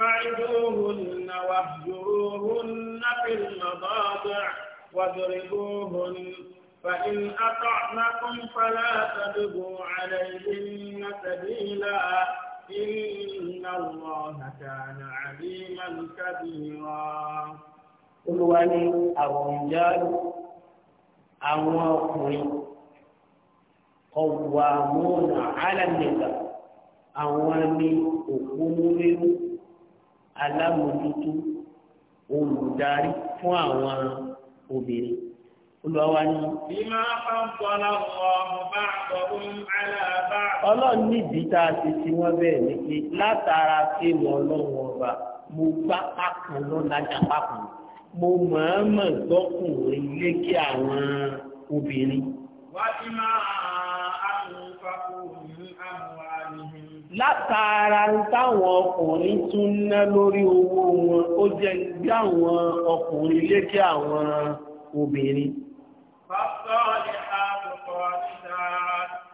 فعدوهن واهجروهن في المضاجع واضربوهن فإن أطعنكم فلا تبغوا عليهن سبيلا إن الله كان عليما كبيرا قل ولي الرجال أمواكم قوامون على النساء àwọn ni òkú mú nínú alámòjútó olùdarí fún àwọn obìnrin olùwàwá ni. bímọ àpamọ́lá ọ̀hún bá àgbọ̀n aláàbá. ọlọ́run nídìí tá a ti ti wọ́n bẹ́ẹ̀ ni pé látara pé wọ́n lọ́wọ́ ọba mo gbá pákan lọ́la jàpá kan mo mọ̀ọ́mọ̀ gbọ́kùnrin lékè àwọn obìnrin. wá sí máa. látàrà táwọn ọkùnrin tún ná lórí owó wọn ó jẹ́ gbé àwọn ọkùnrin lékè àwọn obìnrin.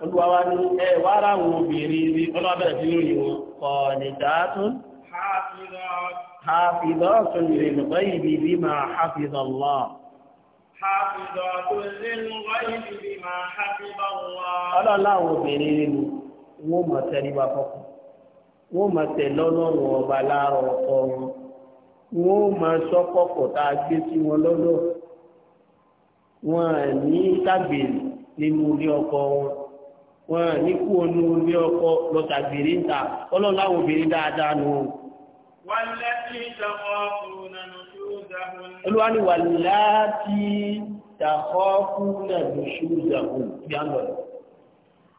Olúwa ní ẹwà ara àwọn obìnrin rí ọlọ́bẹ̀rẹ̀ sí lórí wọn kọ̀ọ̀nìdá tún. Hafidọ́tún ìrìnlọ́gbọ́ ìbí bí ma hafidọ́lọ́. wọ́n máa tẹríba fọ́kù wọ́n máa tẹ̀ lọ́lọ́run ọba láàárọ̀ ọkọ wọn wọ́n máa sọ kọ́kọ́ tá a gbé sí wọn lọ́dọ̀ wọn ní tábìlì nínú ilé ọkọ wọn wọn ní kú onú ilé ọkọ lọ́tàgbèrè ń ta ọlọ́run láwọn obìnrin dáadáa nù. wọ́n lẹ́sìn ìjọba ọkùnrin náà olúwa ni wà láti tàkọ́ fún ẹ̀dùn ṣúgbà òun bí a lọ́dọ̀.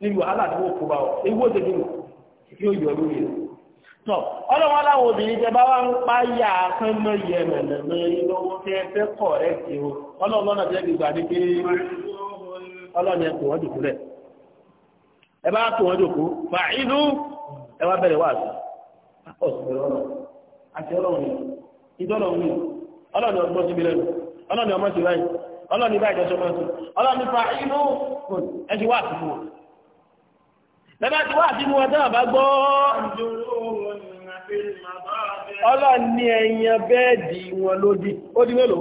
níbi wàhálà tí ọ ewu ó tẹ̀lé yóò yọ lórí rẹ̀. tọ́ ọlọ́wọ́n aláwọ̀ obìnrin tẹ bá wá ń pa yà á kán mọ́ yẹ mẹ̀lẹ̀mẹ́ lọ́wọ́ fẹ́ o ọlọ́wọ́n lọ́nà tẹ́ gbígbà ní pé ọlọ́ni ẹ̀kọ́ wọn jòkó rẹ̀ ẹ bá jòkó fà ẹ wá bẹ̀rẹ̀ wá sí àti ọgbọ́n tẹ́lá ti wá àbínú wọn dáhà bá gbọ́. ọlọ́ọ̀ni ẹ̀yàn bẹ́ẹ̀dì wọn lódì ó di mélòó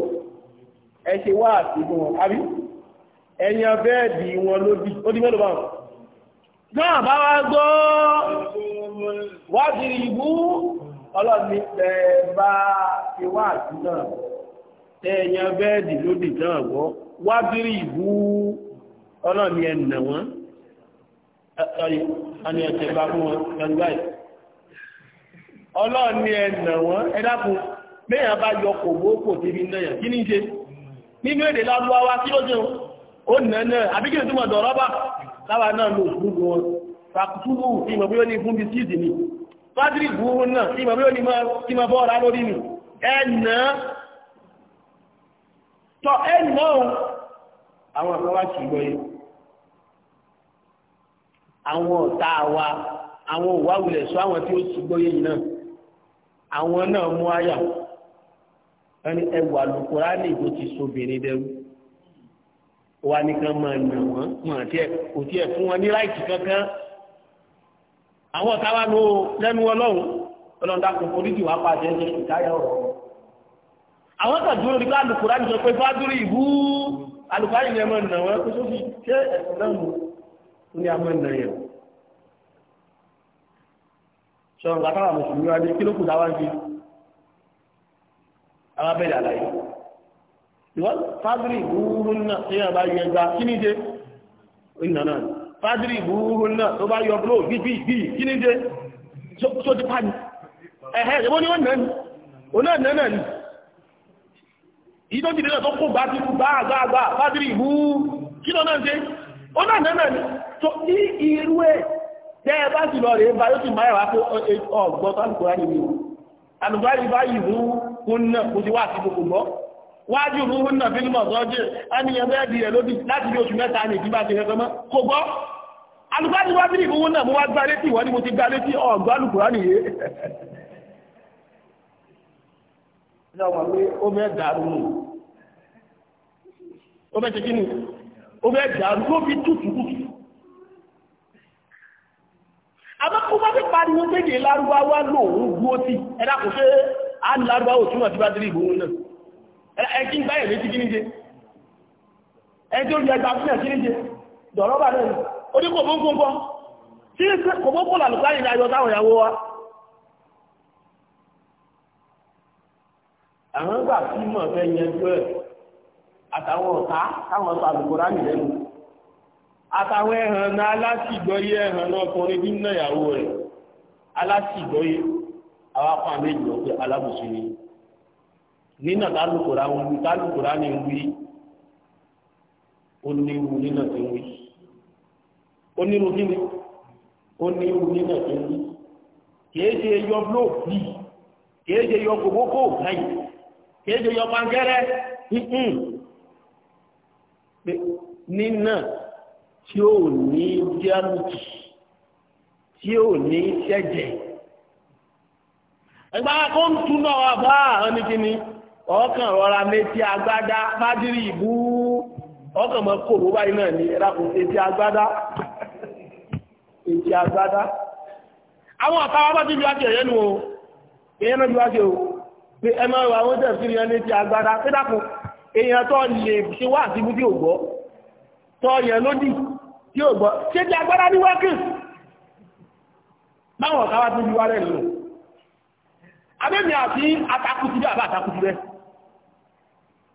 ẹ ṣe wá wọn àbí ẹ̀yàn bẹ́ẹ̀dì wọn lódì ó di mélòó báwọn. náà bá wá gbọ́ wádìí ìbú ọlọ́ọ̀ni tẹ́ bá ti wá àbínú ẹ̀yàn bẹ́ẹ̀dì lódì náà gbọ́ wádìí ìbú ọlọ́ọ̀ni ẹ̀ nà wọ́n ẹ̀sọ́rí eh, ẹni ẹ̀sẹ̀ bá fún wọn lọ́dún báyìí ọlọ́run ni ẹ̀nà wọn ẹ̀dàkùn mẹ́yàn bá yọ kògbókò tí ní náà kí ní ṣe nínú èdè lábúwáwá kí ló jẹ́ ó nẹ́nà àbíkẹ́ ìtumọ̀ dọ̀rọ́bà láwa náà lò fún wọn fàkútúbù tí ìmọ̀ bí ó ní fún bisikíìtì ni fátírì búrú náà tí ìmọ̀ bí ó ní kí mọ bọ́ọ̀rá lórí ni ẹ̀nà tọ ẹ̀nà àwọn àkọwà kì yìí àwọn ọ̀tá wa àwọn òwáwulẹ̀ sọ àwọn tí ó ti gbóyè yìí náà àwọn náà mú àyà ẹni ẹwà lùkùránì tó ti sobìnrin dẹrú wa nìkan máa nà wọn mọ tí ẹ kò tí ẹ fún wọn ní láìsí kankan àwọn ọ̀tá wa ló lẹ́nu ọlọ́run ọlọ́run dákun oríṣi wàá pàṣẹ ẹni ìkáyà ọ̀rọ̀ àwọn kan dúró nípa lùkùránì sọ pé fájúrì ìbú alùpàá yìí lẹ́mọ̀ nà wọn kó sófin ṣé ẹ̀sìn náà mú ó ní amọ́ ẹ̀nà yẹn sọ̀rọ̀ nǹkan táwọn mùsùlùmí wa ní kí ló kù táwọn fi alábẹ́rẹ́ àlàyé ìwọ́n fádìrì búrú náà tí yàrá bá yọ ẹgbà kí ní dé ìnànà fádìrì búrú náà tó bá yọ bló gbígbí gbígbí kí ní dé tó ti pa ní ẹ̀hẹ́ ìwọ́n ni wọ́n nà ní òun náà nà ní ìdójìdínà tó kó gbá ti gbá àgbà àgbà fádìrì búrú kí lọ náà ṣe ó náà nẹ́nà ni tó ní irú ẹ̀ jẹ́ ẹ bá sì lọ rèé bá yóò sì máa wá pé ọgbọ́n tálùkùrá ni mi ò àlùkùrá ni bá yìí rú hún náà kò sí wá sí gbogbo mọ́ wájú rú hún náà fílímọ̀ sọ́jẹ́ ánìyàn bẹ́ẹ̀ di rẹ̀ lódì láti bí oṣù mẹ́ta ní ìdíbà ti rẹ̀ kọ́mọ́ kò gbọ́ àlùkùrá ni wá bílì hún náà mo wá gbá létí ìwọ́n ni mo ti gbá létí ọgbọ́n àlùkùrá nìyé [laughs] ó ó fẹ́ dàrú ló fi tútù kùtù àmọ́ kó bá fi pariwo méje lárúbáwá lòun gbó tí ẹ̀dá kò ṣe á ní lárúbáwá òtúmọ̀ tí bá délé ìbò wọn náà ẹ̀kí ń báyẹ̀ létí kíníje ẹni tó rí ẹgbà fún ẹ̀ kíníje dọ̀rọ́bà náà ni ó ní kò mọ́ gbọ́ngbọ́ tí kò mọ́ kó làlùkọ́ àyè ní ayọ̀ táwọn ìyàwó wa àwọn gbà tí àtàwọn ọ̀tá táwọn sọ àlùkòrá nìlẹ́nu àtàwọn ẹ̀hàn náà aláṣìgbọ́yé ẹ̀hàn náà kọrin bí náà ìyàwó rẹ̀ aláṣìgbọ́yé àwọn apá méjì lọ pé alábùsùn ni nínà tálùkòrá ń wí tálùkòrá ni ń wí ó níwu nínà tí ń wí ó níwu kí ni ó níwu nínà tí ń wí kìí ṣe yọ blóòkì kìí ṣe yọ kòbókò láyìí kìí yọ pàǹkẹ́rẹ́ nínà tí ò ní díámìtì tí ò ní ṣẹ̀jẹ̀ ẹgbẹ́ akóńtù náà wà bá àwọn nìkíní ọkàn rọra létí agbádá fájírì ìbú ọkàn mọ́ kòrò báyìí náà ní ẹ̀dàkùn etí agbádá etí agbádá àwọn àtàwọn bá ti bí wájú ẹ̀yẹ́ nu o èyẹ́ náà bí wájú o pé ẹ máa wà wọ́n tẹ̀sí ní ẹni etí agbádá pé dàkùn èèyàn tó lè ṣe wá àti ibú tí ò gbọ́ tọ́ọ̀yàn lódì tí ó gbọ́ ṣe ti agbára ní wákìs báwọn káwá tó bí wárẹ̀ lò abẹ́mi àti atakùtì bí àbá atakùtì rẹ̀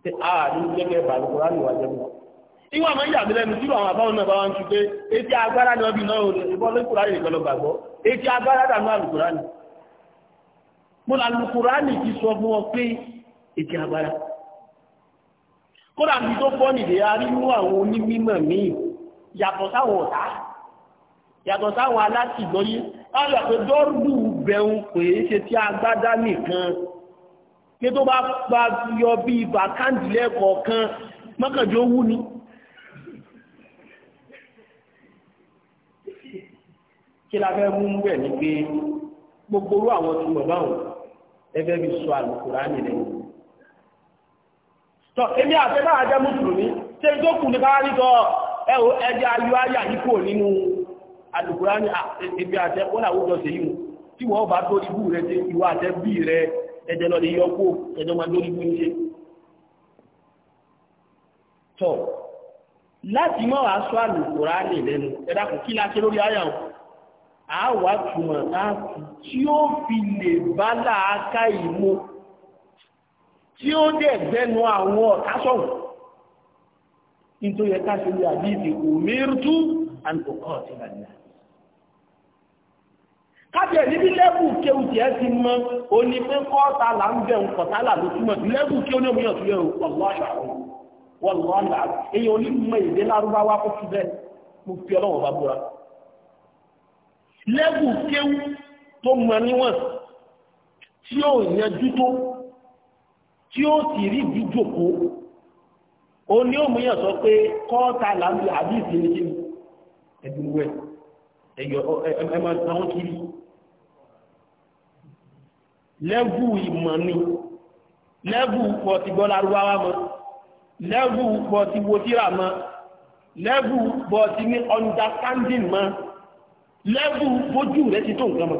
ṣe ààrin jẹ́gẹ́ ìbàlùkọ́ láti wà jẹ́mọ́ ìwọ àmọ́ ìyà mi lẹ́nu sílò àwọn àbáwọn náà bá wọn ti pé etí agbára ni wọ́n bí náà òde ìbọn lókùnrin nìkan lọ gbàgbọ́ etí agbára dànù àlùkùránì mo làlùkùránì ti sọ fún ọ pé etí agbára kódà bí tó pọ́ nìdè arínú àwọn onímọ̀ míì yàtọ̀ sáwọn ọ̀tá yàtọ̀ sáwọn alátìgbọ́yé ọ̀rọ̀ pé dọ́rùdù bẹ̀rùn pé ṣe tí agbádá nìkan pé tó bá pa yọ bí ibà káńdìlẹ́kọ̀ọ̀kan mọ́kànjọ́ wú ni kí la fẹ́ mú bẹ̀ ní pé gbogbo àwọn tí mọ̀ báwọn ẹgbẹ́ bí sọ àlùkùránì lẹ́yìn tọ́ èmi àfẹ́ náà jẹ́ mùsùlùmí ṣe tó kù ní báyá nítọ́ ẹ̀wọ̀ ẹjẹ́ ayọ́ ayà yìí kò nínú àdùkúrá ní ebi àtẹ́ kó làwọn jọ sí yìí tí wọ́n bá tó ibú rẹ̀ ṣe ìwà àtẹ́ bí rẹ̀ ẹjẹ́ lọ lè yọkó ẹjọ́ máa lórí ibú ṣe. tọ́ láti mọ́ wàá sọ àdùkúrá ní ìlẹ́nu ẹ̀dá kí tí ó dẹ̀ gbẹnu àwọn ọ̀tá sọ̀rọ̀ nítorí ẹ̀ka ṣe lè àdíìsì òmìnirútú àǹtọ̀kọ́ ti lànà kájẹ̀ níbi lẹ́bù kéwù tí ẹ ti mọ́ o ní pé kọ́ọ̀tà là ń bẹ̀ ń kọ̀tà là ló túmọ̀ sí lẹ́bù kí ó ní omi ọ̀tún yẹn wọ̀lọ́ọ̀ṣà wọ̀lọ́ọ̀lá èyí onímọ̀ èdè tí ó yanjú tó tí ó sì rí ìdíjòkó ó ní òmùyàn sọ pé kọ́ọ̀tà làbí àbí ìsinmi kí ni ẹ̀dùnwẹ̀ ẹ̀yọ ẹ̀mọ̀ àwọn kiri lẹ́bù ìmọ̀ ni lẹ́bù pọ̀ ti gbọ́ lárúbáwá mọ́ lẹ́bù pọ̀ ti wo mọ́ lẹ́bù pọ̀ ti ní understanding mọ́ lẹ́bù bójú rẹ̀ ti tó nǹkan mọ́.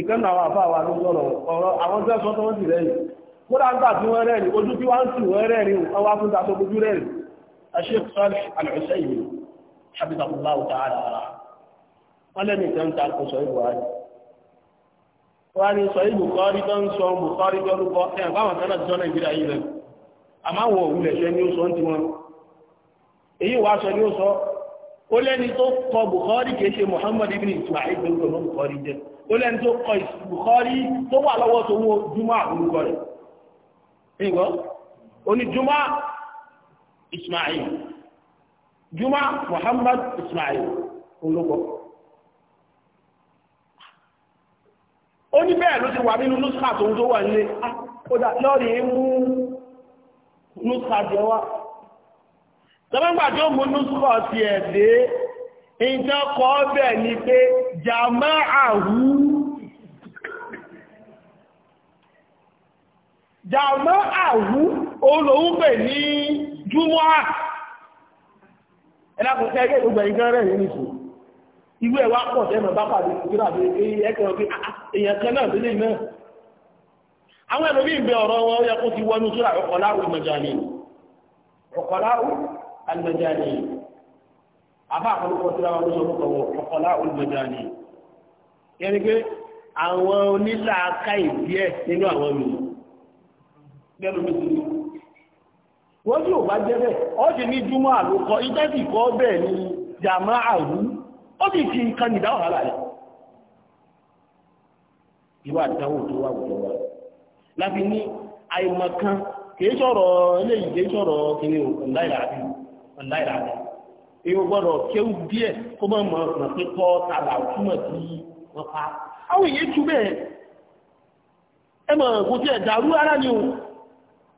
ìkànnà àwọn àfáà wa ló sọ̀rọ̀ ọ̀rọ̀ àwọn tí wọ́n sọ tó wọ́n sì rẹ́rìn kódà ń gbà tí wọ́n rẹ́rìn ojú tí wọ́n sì wọ́n rẹ́rìn wọ́n wá fún ta tó gbójú rẹ́rìn Sheikh Salih Al-Usaimi habibullah ta'ala wọ́n lẹ́nu ìtẹ́ ń ta kó sọ ìbò ayé wọ́n á ní sọ ìbò kọ́rí tó ó lẹ́ni tó kọ bùkọ́rí kìí ṣe ibn Ismail tó ń bùkọ́rí jẹ́ ó lẹ́ni tó kọ ìbùkọ́rí tó wà lọ́wọ́ tó wọ́n júmọ́ àbúrúkọ rẹ̀ nígbọ́ oníjúmọ́ Ismail júmọ́ Muhammad Ismail olóko ó ní bẹ́ẹ̀ ló ti wà nínú nuska tó ń tó wà nílé kódà ah, lọ́ọ̀rì mú nuska jẹ wá sọ́gbọ́n gbà tó mú nuska dé ìjọ kọ́ ni pé jàmáàhú jàmáàhú olóhun pè ní júmọ́à ẹlákùnkẹ́ ẹgbẹ́ ìgbẹ̀ ìgbẹ̀ rẹ̀ nínú ìṣò ìwé ẹ̀wà pọ̀ tẹ́mọ̀ bá pàdé ìgbìrà bí ẹkẹ̀rọ̀ pé ah, ah, èèyàn kan náà délé náà àwọn ẹ̀lòmí ìbẹ̀ ọ̀rọ̀ ni àbá àkọlùkọ tí wọn lọ sọ fún ọkọlá ni yẹni pé àwọn onílàáká ìdíẹ nínú àwọn mi bẹ́ẹ̀ ló ní ti wọn tí ò bá jẹ ọ ní júmọ àlùkọ ìtẹ́sì kọ bẹ́ẹ̀ ni ó sì nǹkan nìdá wàhálà ìwà àdáwò tó wà wa láti ní àìmọ̀kan kìí èèyàn gbọ́dọ̀ kéwù díẹ̀ kó mọ̀ mọ̀ mọ̀ pé kọ́ tàbà túmọ̀ sí wọn àwọn èèyàn tú bẹ́ẹ̀ ẹ mọ̀ kò tí ẹ̀ dàrú ara ni o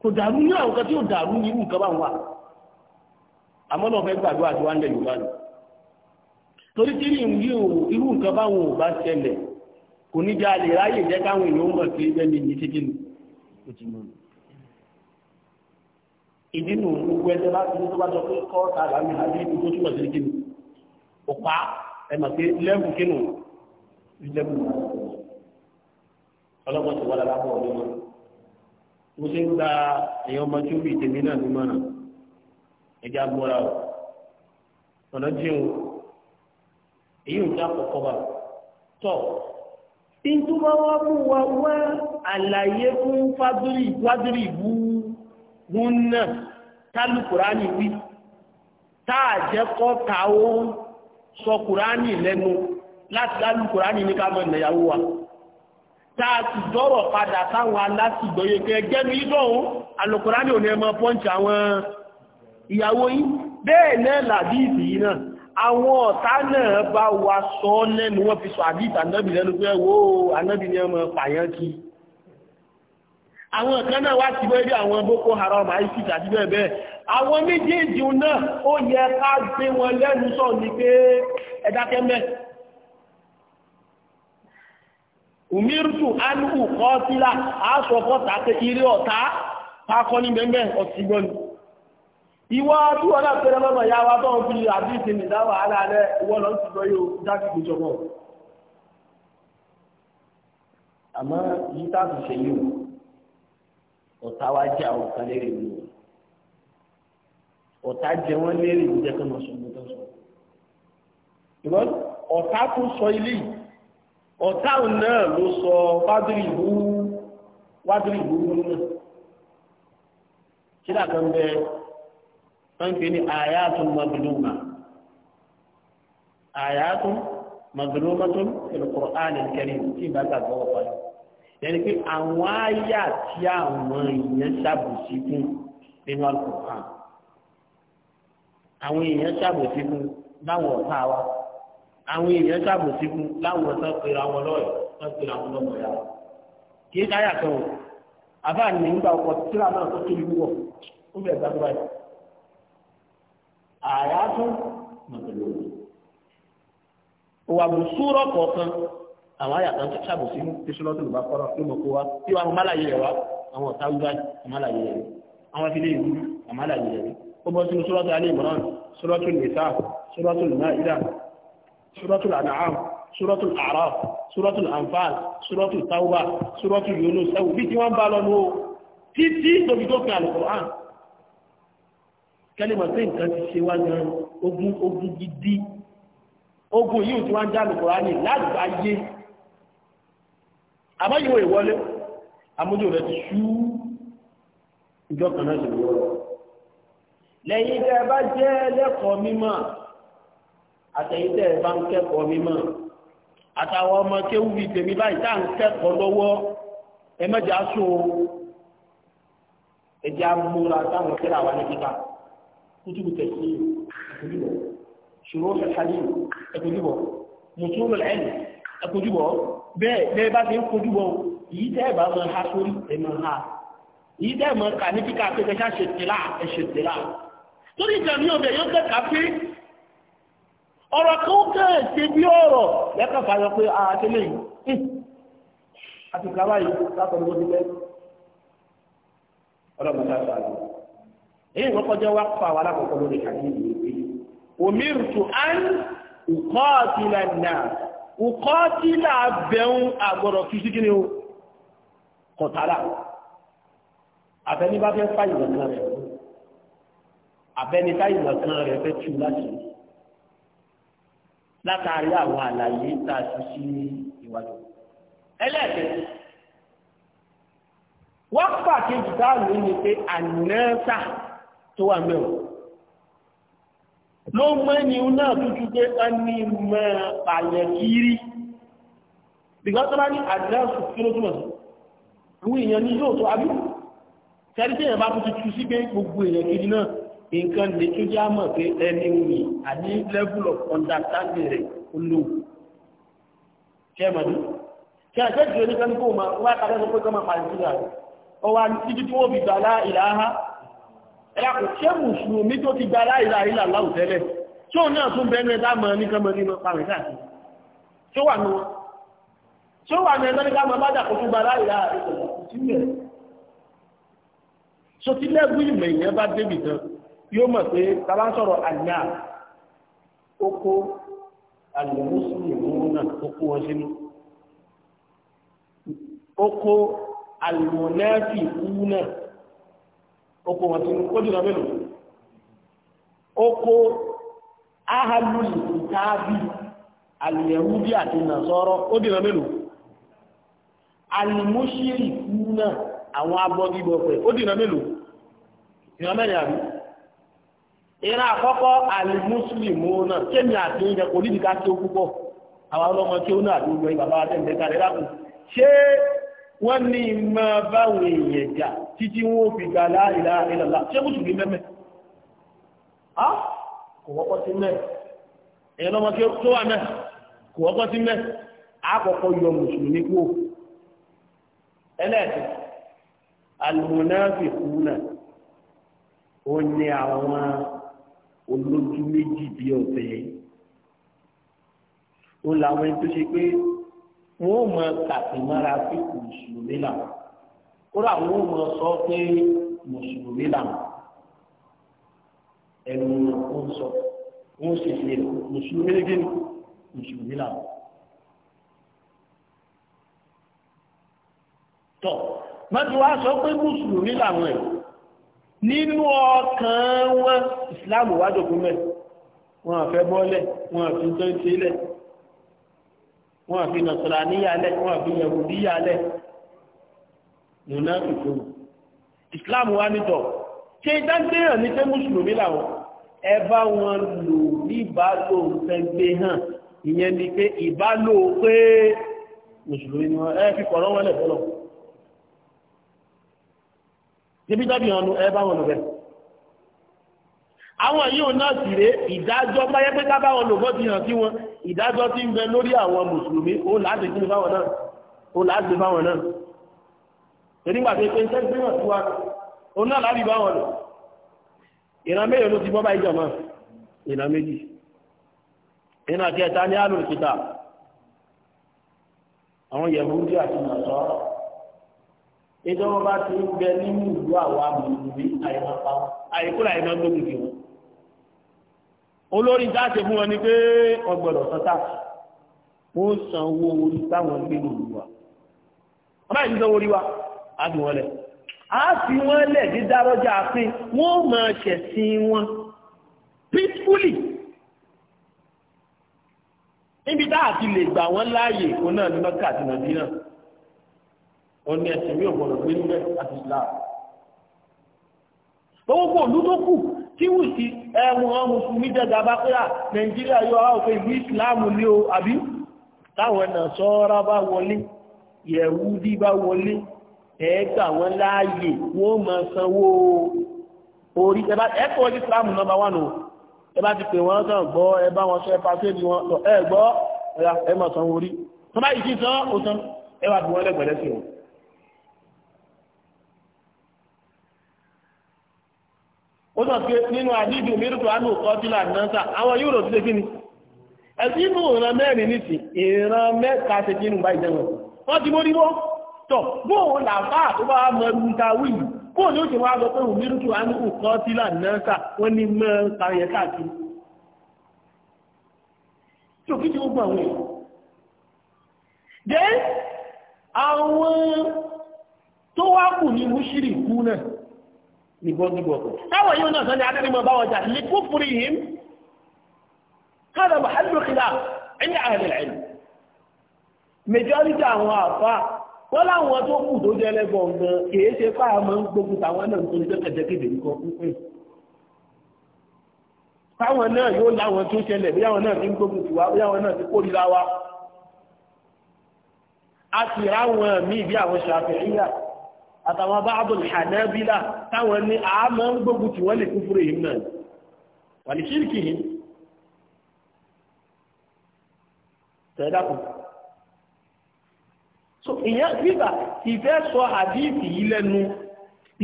kò dàrú ní àwọn kan tí ó dàrú ní irú nǹkan wà àmọ́ gbàdúrà lẹ̀ torí tí ò ìdínú gbogbo ẹjọ́ láti ní tó bá jọ pé kọ́ọ̀tà àgbàmì àbí ibi tó túnmọ̀ sí kínú òpá ẹmọ̀ pé lẹ́bù kínú lẹ́bù ọlọ́gbọ́n ti wà lálábọ̀ ọdún náà mo ṣe ń gba èèyàn ọmọ tí ó bí ìtẹ̀mí náà ní mọ́nà ẹja gbọ́ra o ọ̀nà jẹun èyí ò já kọ̀kọ́ bá tọ̀ ìtúbọ̀ wá fún wa wá àlàyé fún fádúrì ìbú múnà tálù kùránì wí táà jẹ́ kọ́ ta ó sọ kùránì lẹ́nu láti lálù kùránì ní ká mọ̀ ìnàyàwó wa táà sì dọ́rọ̀ padà sáwọn alásìgbọ́yé kẹjẹ́ ní ìdọ̀hún alùkùránì ò ní ẹmọ pọ́ǹchì àwọn ìyàwó yìí bẹ́ẹ̀ náà làbí ìdí náà àwọn ọ̀tá náà bá wa sọ lẹ́nu wọ́n fi sọ àbí ìtànẹ́bì lẹ́nu pé wo ànẹ́bì ni ọmọ pàyán àwọn kan náà wá ti wẹ́rí àwọn Boko Haram ISIS àti bẹ́ẹ̀ bẹ́ẹ̀ àwọn méjèèjì náà ó yẹ ká gbé wọn lẹ́nu sọ ní pé ẹ̀dákẹ́mẹ́ umirtu anu kọ́tílà aṣọ fọ́ta pé ilé ọ̀tá pákọ́ ní bẹ́ẹ̀ ọ̀tí gbọ́nù ìwọ́ ya wá tọ́wọ́n fi àbí ìsinmi dáwà alẹ́ ìwọ́ lọ sí lọ́yọ́ dákìkì yí táàbù ṣe yìí ọ̀tá wa jẹ́ àwọn kan lérè mi o ọ̀tá jẹ wọ́n lérè mi jẹ́ kí wọ́n sọ mi tó sọ. ìwọ́n ọ̀tá tún sọ ilé yìí ọ̀tá náà ló sọ wádìrì ìlú wádìrì ìlú náà sílá kan bẹ wọ́n ń pè ní àyàtún magduma àyàtún magduma tún ìlú Qur'an al tí ìbá gbàgbọ́ wọ́pọ̀ yìí yẹni pé àwọn àyà tí àwọn èèyàn ṣàbòsí fún nínú àlùkùránì àwọn èèyàn ṣàbòsí fún láwọn ọ̀tá wa àwọn èèyàn ṣàbòsí fún láwọn ọ̀tá pèrè àwọn lọ́ọ̀yọ̀ wọ́n pèrè àwọn lọ́mọ ìyá wa kì í káyà kan o àbá ní nígbà ọkọ̀ tíra náà tó tóbi púpọ̀ ó bẹ̀rẹ̀ gbàgbọ́ báyìí àyà tún mọ̀tò lòdì òwà bùsúrọ̀ kọ̀ọ̀kan àwọn àyà kan ṣàbò sí tíṣúlọ́tò ló bá kọ́rọ̀ ló mọ̀ kó wa tí wàá mọ̀ málàyé rẹ̀ wá àwọn ọ̀tá wíwá àmàlàyé rẹ̀ àwọn afilé ìlú àmàlàyé rẹ̀ ó bọ́ sínú sọ́lọ́tò alẹ́ ìmọ̀ràn sọ́lọ́tò nìta sọ́lọ́tò nàìjíríà sọ́lọ́tò àdáhàm sọ́lọ́tò àrà sọ́lọ́tò àǹfààl sọ́lọ́tò táwà sọ́lọ́tò yónú sẹ́wù bí tí wọ́n bá lọ nù títí tóbi tó ogun yìí ò ti wá ń dá àlùkùránì lágbàáyé àbáyíwò ìwọlé amójú rẹ̀ ti ṣú ìjọ kan náà sì wọ́n lẹ́yìn tẹ́ ẹ bá jẹ́ lẹ́kọ̀ọ́ mímọ́ àtẹ̀yìn tẹ́ ẹ bá ń kẹ́kọ̀ọ́ mímọ́ àtàwọn ọmọ kéwù bíi tèmi báyìí tá à ń kẹ́kọ̀ọ́ lọ́wọ́ ẹ mẹ́jọ aṣọ ẹ̀jẹ̀ amúra táwọn kíra wà ní kíkà kútùbù tẹ̀sí ẹ̀kọ́júbọ̀ ṣòro ẹ̀kọ́júbọ̀ mùtúrò ẹ̀yìn ẹ̀kọ́júbọ̀ bẹ́ẹ̀ bẹ́ẹ̀ bá ti ń kojú wọn yìí tẹ́ bá máa ha sórí ẹ̀ máa ha yìí tẹ́ máa kà ní kíkà pé kẹ́kẹ́ ṣètìlá ẹ̀ ṣètìlá torí ìjà ní ọbẹ̀ yóò kẹ́kà pé ọ̀rọ̀ kan kẹ́ ṣe bí ọ̀rọ̀ lẹ́kàn fàyọ pé àtẹlẹ́ yìí àti kàwá yìí látọ̀dọ̀ ó ti bẹ́ ọlọ́mọdé àti àgbẹ̀ èyí wọ́n kọjá wá pa wà lákòókò lórí kàdí ìlú òmírùtù án ìkọ́ ọ̀tí náà ǹkọ́ tí láàbẹ̀un àgbọ̀rọ̀ fi sí kíni o kọ̀tàrà àbẹ́ni bá fẹ́ fà ìwọ̀n kan rẹ̀ àbẹ́ni tá ìwọ̀n kan rẹ̀ fẹ́ tú láti látàrí àwọn àlàyé tá a ti sí ìwájú ẹlẹ́ẹ̀kẹ́ wọ́n pàkejì táwọn ní pé ànẹ́ta tó wà mẹ́wọ̀n ló mẹ́ni náà tútù pé a ní mẹ́ àyẹ̀ kiri bìgbàtọ́lá ní àdírẹ́sù kí ló túnmọ̀ sí àwọn èèyàn ní yóò tó abí tẹ́rí tẹ́yẹ̀ bá tuntun tú sí pé gbogbo èèyàn kiri náà nǹkan lè tó já mọ̀ pé ẹni wì àní level of understanding rẹ̀ olóòwò kẹ́mọ̀dé kí a jẹ́ jù ní kẹ́mí kó máa wá kàdé sọ ẹ̀yàkùn ṣé mùsùlùmí tó ti gba láìlà ìlà láwùtẹ́lẹ̀ tí ó náà tún bẹ́ẹ̀ mẹ́ta mọ̀ ní kánmọ́ nínú pàrẹ̀ káàkiri tí ó wà nù wọn tí ó wà nù ẹgbẹ́ nígbà máa bá dàkó tó gba láìlà ìlà sotí lẹ́gbù ìmọ̀ èèyàn bá débì tán yóò mọ̀ pé bàbá ń sọ̀rọ̀ àyà ó kó àlùmọ́sùlùmí náà ó kó wọn sínú ó náà oko wọn sínú ó dìrọ mélòó oko ahalulu tàbí alìyẹ̀wúdí àti nàṣọ́rọ́ ó dìrọ mélòó alìmúṣírì kú náà àwọn abọ́gibọ̀ pẹ̀ ó dìrọ mélòó ìrọ mẹ́rin àbí ìran àkọ́kọ́ alìmúṣírìmù náà kémi àti oúnjẹ kò nídìí ká tí ó púpọ̀ àwọn ọlọ́mọ tí ó náà àdúgbò ìbàbá àtẹ̀mẹ́ta rẹ̀ ṣé wọ́n ní ìmọ̀ báwọn èèyàn títí wọn ò fi gbà láìlá ìlàlá ṣé mùsùlùmí mẹ́mẹ́ á kò wọ́pọ̀ sí mẹ́ ẹ̀yẹ lọ́mọ tí ó wà mẹ́ kò wọ́pọ̀ sí mẹ́ á kọ́kọ́ yọ mùsùlùmí kú ẹlẹ́ẹ̀kẹ́ almunafiquna ó ní àwọn olójú méjì bí ọ̀bẹ ó làwọn ẹni tó ṣe pé wọn mọ kàtìmọ́ra fíkù mùsùlùmí làwọn kódà wọn ò mọ sọ pé mùsùlùmí làwọn ẹnu ó ń sọ wọn ò sì fi mùsùlùmí lẹ́gẹ́ ni mùsùlùmí làwọn. tọ́ mọ́tò wá sọ pé mùsùlùmí làwọn ẹ̀ nínú ọkàn wọn ìsìláàmù wájú òkú mẹ́ wọn àfẹ́ bọ́lẹ̀ wọn àfi tó ń ṣe wọn àfi nàṣàlàníyà lẹ̀ wọn àfi yẹ̀wò bíyà mùnáfìkò islam wá nítọ̀ ṣe dáńgbéyàn ní pé mùsùlùmí làwọn ẹ bá wọn lò níbàálò fẹ́gbé hàn ìyẹn ni pé ìbálò pé mùsùlùmí ni wọn ẹ fi kọ̀rọ̀ wọn lẹ̀ fọlọ̀ níbi dábì hàn ẹ bá wọn lò bẹ́ẹ̀ àwọn yìí náà sì ré ìdájọ́ báyẹ́ pé ká bá wọn lò bọ́ ti hàn sí wọn ìdájọ́ tí ń bẹ lórí àwọn mùsùlùmí ó láti gbé fáwọn náà nígbà tó pé iṣẹ́ gbé wọn sí wa òun náà lábì bá wọn lò ìran méjì ló ti bọ́ báyìí jọ̀mọ́ ìran méjì ìran àti ẹ̀ta ní àlò ìkìtà àwọn yẹ̀húdí àti nàṣọ́ ìjọ wọn bá ti ń bẹ nínú ìlú àwa mùsùlùmí àyèmọ́pá àyèkúrò àyèmọ́ gbógun dì wọn olórí dáṣe fún wọn ni pé ọgbọ̀dọ̀ sọ́tà wọ́n san owó orí táwọn gbé nínú wa wọ́n bá sanwó orí wa á fi wọ́n lẹ̀ á fi wọ́n lẹ̀ dídárọ́jà pín wọ́n máa ṣẹ̀sìn wọn peacefully níbi tá a ti lè gbà wọ́n láàyè òun náà ní mọ́kà àti nàìjíríà wọ́n ní ẹ̀sìn mi ò gbọ́dọ̀ gbé níbẹ̀ àti islam gbogbo òlú tó kù tí wù sí ẹ̀wọ̀n mùsùlùmí jẹ́gà bá pé à nàìjíríà yóò wá òfin ìlú ìsìláàmù ní o àbí táwọn ẹ̀nà sọ́ọ́rá bá wọlé yẹ̀wúdí bá wọlé ẹ̀ẹ́gbà wọn láàyè wọ́n máa sanwó orí ẹ̀kọ́ orí islam nọmba wánù ẹ bá ti pè wọ́n sàn gbọ́ ẹ bá wọn sọ ẹ pàṣẹ bí wọn sọ ẹ gbọ́ ẹ máa sanwó orí tó bá yìí sàn ó sàn ẹ wà bí wọn lẹ́gbẹ̀ẹ́ lẹ́sìn o. ó sọ pé nínú àdídù mírùtù àánú kọ́tílà náà sà àwọn yóò rò ni ẹ̀sìn inú ìran mẹ́rin nìsín ìran mẹ́ta ṣe kí nù bá tọ̀ bóòwò làbá àtúbà mọ̀rún tàwí bóò ní ó ti wá lọ pé òmìnirútù wá ní òkọ́ tí lànàṣà wọ́n ní mọ́ tàyẹ káàkiri tí ò kí ti gbogbo àwọn èèyàn jẹ́ àwọn tó wá kù ní múṣírì kú náà nìbọn níbọn kù táwọn yóò náà sọ ní adẹ́rìmọ̀ báwọn jà lè kó fúri yìí hádà mọ̀ hádùn kìlá ẹni àhàlẹ̀ ẹ̀yìn majority àwọn àfáà wọ́n láwọn tó kù tó jẹ́ lẹ́gbọ̀n gan kìí ṣe fáà máa ń gbógun táwọn náà tó ń jẹ́ kẹ̀jẹ́kẹ̀dẹ̀ nǹkan pípẹ́ táwọn náà yóò láwọn tó ṣẹlẹ̀ bí àwọn náà ti ń gbógun tì wọ́n lè kú yìí náà wà ní ṣírkì yìí tẹ̀dá so ìyẹn gbígbà ìfẹ́ sọ àdíìsì yìí lẹ́nu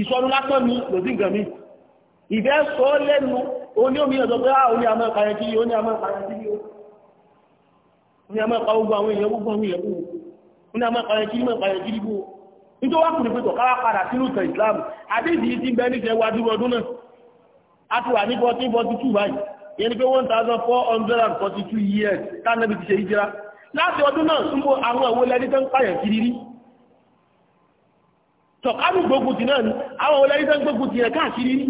ìsọnu lásán ni lòdì nǹkan mi ìfẹ́ sọ lẹ́nu oní omi ọ̀dọ́ pé á oní àmọ́ ìpàyẹ kiri oní àmọ́ ìpàyẹ kiri oní àmọ́ ìpa gbogbo àwọn èèyàn gbogbo àwọn èèyàn gbogbo kùnrin pé tọ̀káwá padà sínú ìtàn Islam àdíìsì yìí ti ń bẹ nífẹ̀ẹ́ wájú ọdún náà a ti wà ní 1442 báyìí ìyẹn pé 1442 years tánàbí ti ṣe hijira láti ọdún náà túnbọ̀ àwọn ìwò lẹ́ni tó ń pààyàn kiri rí tọ̀kánù gbógun ti náà ni àwọn ìwò lẹ́ni tó ń gbógun ti rẹ̀ káàkiri rí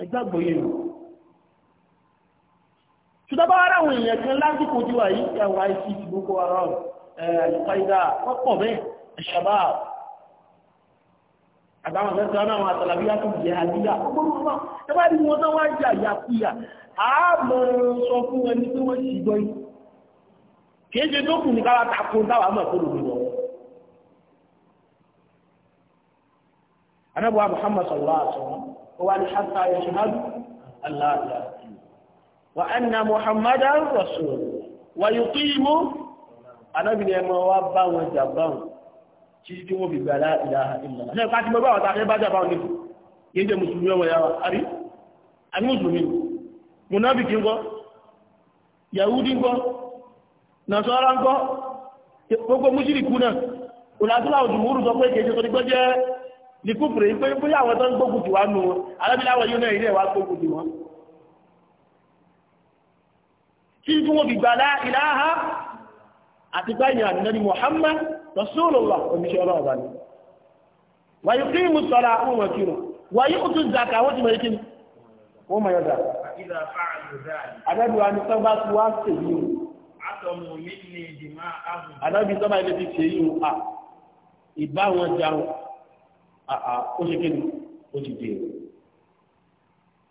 àgbàgbọ́ yẹn lò ṣùgbọ́n bá ara àwọn èèyàn kan lásìkò tí wà yìí ẹ̀wọ̀n àìsí ìbúkọ ara ẹ̀ àtàwọn ọ̀sẹ̀ sọ́nà àwọn àtàlàbíyà tó jẹ́ àdíyà gbogbo wọn ẹ bá rí wọn tó wá jà yàkúyà àmọ́ sọ fún wọn ní pé wọ́n sì gbọ́ yìí kìí ṣe tó kù ní kára tako táwa títí tí wọ́n fi gbà láìlà ìlà ṣe ká ti gbogbo àwọn tàbí bá jàbá òní yìí jẹ́ mùsùlùmí ọmọ yàwó àrí àní mùsùlùmí mùnábìkì ńkọ́ yahudi ńkọ́ nàṣọ́rá ńkọ́ gbogbo mùsùlùmí náà olàtúlà òjùmúrù sọ pé kèjì tó ní gbọ́ jẹ́ likúpùrẹ́ pé bóyá àwọn tó ń gbógun tì wá nù wọn alábìláwọ̀ yóò náà ilé wa gbógun tì wọn títí tí wọ́n fi gbà láìlà àti rasulullah oníṣẹ́ ọlọ́run bá ní wàyí kí mú sọ́ra àwọn ọmọ kírun wàyí ó tún zaka wọ́n ti mọ̀ ikini ó mọ̀ yọ̀dà àdábìwá ni sọ́gbà tí wá ṣe yìí o àdábì sọ́gbà ilé ti ṣe yìí o à ìbá wọn jarun àà ó ṣe kíni ó ti dé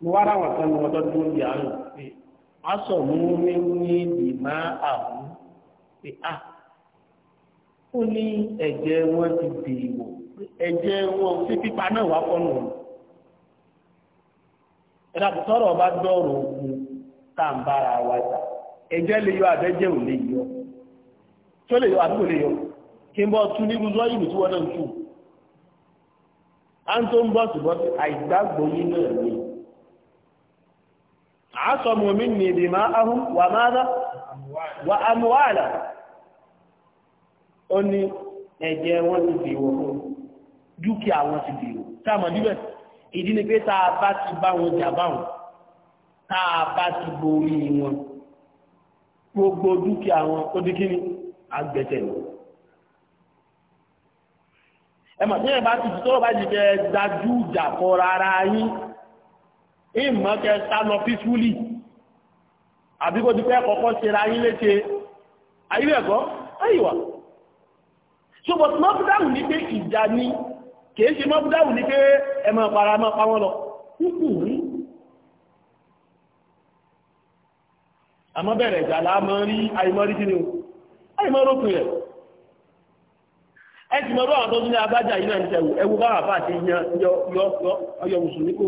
mo wá ráwọn kan ní wọn tó dúró di àárín pé a sọ mú mi ní ìdìmá àwọn pé a ó ní ẹ̀jẹ̀ wọn ti dèèwọ̀ ẹ̀jẹ̀ wọn sí pípa náà wá fọ́nù wọn ìdàkùtọ́rọ̀ ọba dọ́rọ̀ ogun tá à ń bára wa jà ẹ̀jẹ̀ lè yọ àbẹ́jẹ́ ò lè yọ tó lè yọ àdúgbò lè yọ kí n bọ́ tún ní irúzọ́ ìlú tí wọ́n náà ń tù á ń tó ó ní ẹ̀jẹ̀ wọn ti dìwọ̀ dúkìá wọn ti dìwọ̀ táàmù níbẹ̀ ìdí ni pé tá a bá ti bá wọn jà báwọn tá a bá ti borí wọn gbogbo dúkìá wọn ó di kíni ni lọ. ẹ mọ̀ sẹ́yìn bá ti fi tọ́wọ́ bá ti kẹ́ dájú ìjà kọ rárá yín ìmọ̀ ṣe ra yín léṣe ayé ẹ̀kọ́ ayé so but mọ́búdáwù ní pé ìjà ni kìí ṣe mọ́búdáwù ní pé ẹmọ̀ para mọ́ pa wọ́n lọ kúkú rí àmọ́ bẹ̀rẹ̀ ìjà láàmọ́ rí àìmọ́rí kí ni o àìmọ́rókù rẹ̀ ẹ ti mọ́rọ́ àwọn tó tún ní abájá iná ń tẹ̀wò ẹwú bá wàbá àti yọ mùsùlùmí kò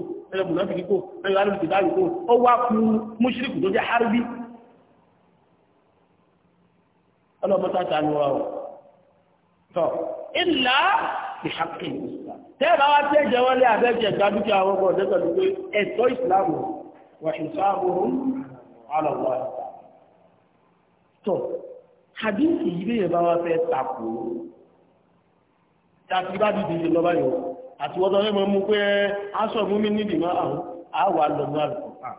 tọ́ ìlà ìhàkì ìsìlá tẹ́ẹ̀bá wá tẹ́ jẹ wọlé abẹ́jẹ gbádùkẹ́ àwọn ọgbọ̀n tẹ́tọ̀ ní pé ẹ̀tọ́ ìsìláàmù wà ìsáàbùrún alọ́wọ́ tọ́ hadithi yìí bí yẹba wá fẹ́ takò tàbí bá dìde yìí lọ́ba yìí àti wọ́n tọ́lẹ́ mọ́ mú pé aṣọ mú mi nídìí mọ́ àwọn àwọ̀ àlọ́mú àlùkò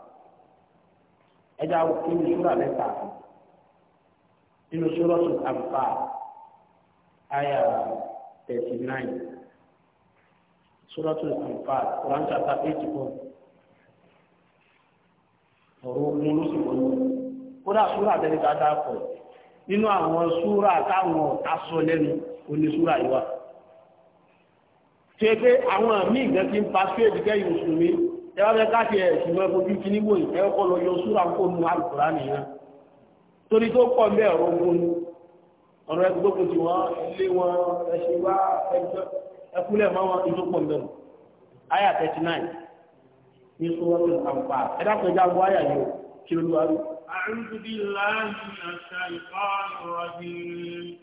ẹja kí ni ṣúra mẹ́ta nínú ṣúra aya 39 suratul anfal quran chapter 84 ọrụ ogun ló sì wọ́n kódà súrà tẹ́lẹ̀ ká dáàpọ̀ nínú àwọn súrà táwọn ọ̀tá lẹ́nu oní súrà ṣe pé àwọn àmì ìgbẹ́ ti ń pa ẹwà ẹ̀sìn mọ́ lọ yọ súrà ń ọ̀rọ̀ ẹgbẹ́ kò tí wọ́n ilé wọn ẹṣẹ́ wá ẹkúlẹ̀ mọ́ wọn ìdókòó ń bẹ̀rù àyà thirty nine ní sọ́wọ́n àǹfà ẹ̀dá pẹ̀lú àgbo àyà yìí kí ló lù wá rí. أعوذ بالله من الشيطان الرجيم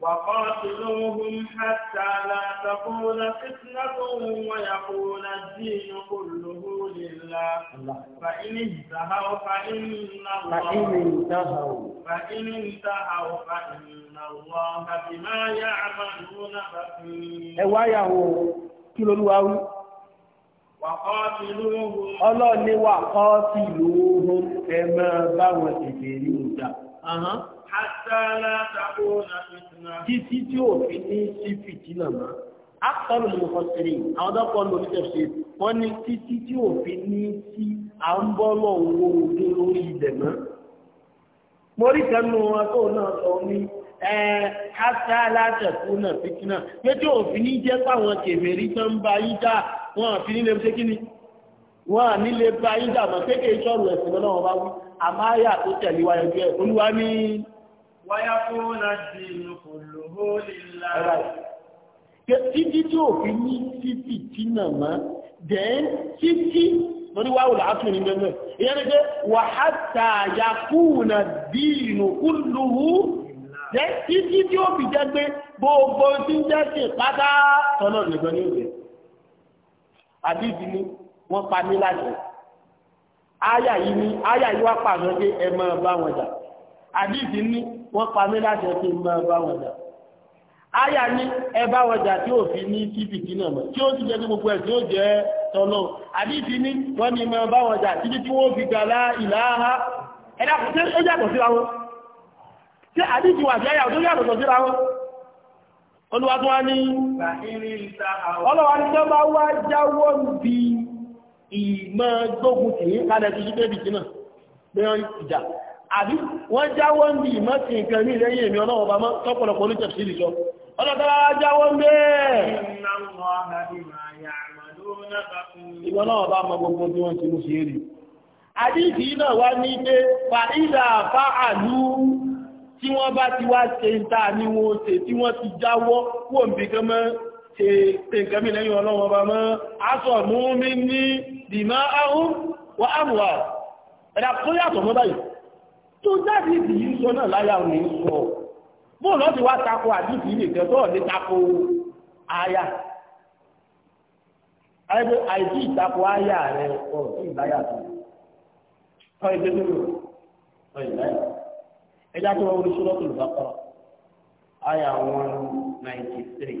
وقاتلوهم حتى لا تكون فتنة ويكون الدين كله لله فإن انتهوا فإن الله فإن انتهوا فإن الله بما يعملون بصير. ẹ wá yà wò kí lolúwa wí. ọlọ́ọ̀ni wà kọ́ sí ìlú ẹ máa bá títí tí ò fi ní sí fìtínà mọ́ akọrù ní ọ̀sẹ̀rì àwọn dọ́kọ̀ ní oníṣẹ́ṣẹ́ wọ́n ní títí tí ò fi ní sí à ń bọ́ lọ wo òde lórí ilẹ̀ mọ́ mo rí kanu wọn tó náà sọ ní ẹ kásá látẹ̀kú náà fìtínà pé tí ò fi ní jẹ́ páwọn kèmèrí tó ń ba yíjà wọn àfi nílé ṣé kí ni wọn à nílé ba yíjà mọ́ kéèké sọ̀rọ̀ àmáyà tó tẹ̀lé wáyé olúwa ní wáyákó náà di ìlúkòlòó lílá. títí tí ò fi ní títí tí náà má dẹ̀ẹ́n títí lórí wáwò láàtún ní gbẹ́gbẹ́ ìyẹn ni pé wàhátà yàkú náà di ìlúkòlòó jẹ́ títí tí ó fi jẹ́ pé gbogbo tí ń jẹ́ sí pátá tọ́nà nìkan ní òde àbíbi ni wọ́n pa mí láṣẹ. áyà yìí wá pàṣẹ àdìsí ní wọ́n pa mí láti ẹ̀kí mọ́ ẹbá wọ̀dà áyà ní ẹbá wọ̀dà tí ò fi ní tíbìtì náà mọ̀ tí ó ti jẹ́ gbogbo ẹ̀ tí ó jẹ́ tọ́lọ́ àdìsí ní wọ́n ní mọ́ ẹbá wọ̀dà títí tí wọ́n fi gàlá ìlàáhá ẹ̀dá kò tẹ́ ó yàtọ̀ síra wọn tí àdìsí wà sí àyà tó yàtọ̀ síra wọn ìjà àbí wọ́n jáwọ́ ń bí ìmọ́sí nǹkan ní ìlẹ́yìn èmi ọlọ́wọ́ bá mọ́ tọ́pọ̀lọpọ̀ ní tẹ̀sí ìlú sọ ọlọ́tọ́lá jáwọ́ ń bẹ́ẹ̀ ìwọ náà bá mọ gbogbo bí wọ́n ti mú sí rí àdíjì náà wá ní pé fa ìdà fa àlú tí wọ́n bá ti wá ṣe ń ta ní wọn ṣe tí wọ́n ti jáwọ́ kó ń bí kánmọ́ ṣe pé nǹkan mi lẹ́yìn ọlọ́wọ́ bá mọ́ aṣọ mú mi ní dìmọ́ ahùn wọ́n àmùwà ẹ̀dà tó yàtọ̀ mọ́ báyìí tó jáde ìdí yìí náà láyà òní sọ bóun lọ́ọ́ ti wá tako àdìsí yìí nìkan tó ọ̀dẹ́ tako aya àìsí ìtako aya rẹ ọ̀rọ̀ sí ìláyà tó ọ̀ ẹgbẹ́ tó lò ọ̀ ìláyà ẹjá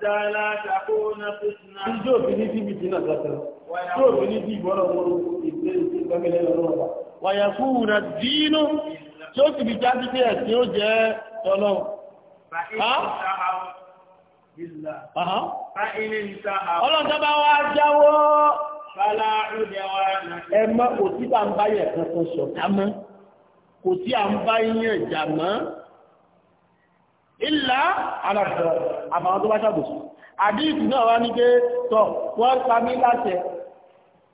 Hatta la takuna fitna. Ijó òfin ní bíbí jìnnà sọ́tọ̀. Ijó òfin ní bí ìbọ̀rọ̀ mọ́rọ̀ ìgbé ìgbé gbẹ́mẹ́lẹ́ lọ́wọ́ bá. Wàyà fún ìrà dínú tí ó ti fi jáde pé ẹ̀sìn ó jẹ́ tọ́lọ́ ìlà alàbọ̀ àbàwọn tó bá ṣàbòsù àdíìkù náà wá ní pé tọ̀ wọ́n pa mí láṣẹ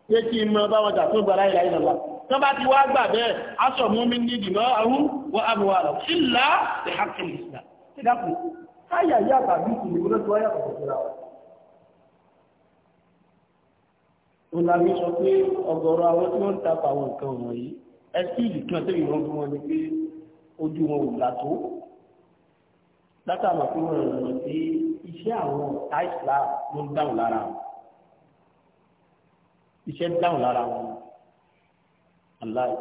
pé kí n mọ báwọn jà tó gbàrá ìlà ìlàlá tó bá ti wá gbà bẹ́ẹ̀ aṣọ mú mi ní ìdìmọ́ ahú wọ àbúwà rẹ̀ ìlà ìhàkìlì ìsìlá ìdákùn káyà yà tàbí ojú wọn ò là látàmà tó rẹ̀ lọ sí iṣẹ́ àwọn ọ̀tá islam ló ń dáhùn lára wọn iṣẹ́ ń dáhùn lára wọn aláì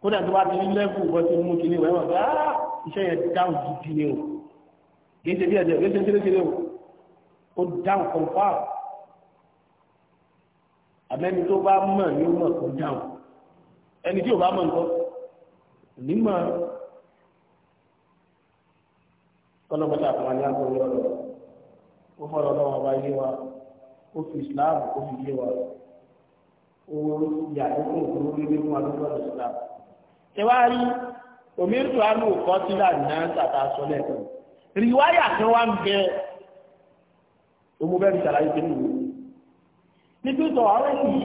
kódà tó bá ti ní lẹ́kùn bọ́ sí mú kínní wẹ́wọ̀n pé á iṣẹ́ yẹn dáhùn gidi ni o kì í ṣe bí ẹ̀jẹ̀ kì í ṣe ń kéré kéré o ó dáhùn kọ̀ǹfà àmẹ́ni tó bá mọ̀ ní mọ̀ kó dáhùn ẹni tí ò bá mọ̀ nǹkan onímọ̀ kọ́lọ́mọ́tà àtàwọn ní àgbọ̀n yọ̀ lọ ó fọ̀rọ̀ lọ́wọ́ ọba yé wa ó fi islam ó fi yé wa ó yà ó fún òkú lórí nínú àdúgbò islam. ṣé wàá rí omirtu anu kọ́ sílà náà tàtà sọlẹ̀ kan rìwáyà kan wá ń bẹ omobẹ́ni sàlàyé tó nìyí. níbi tó àwọn èyí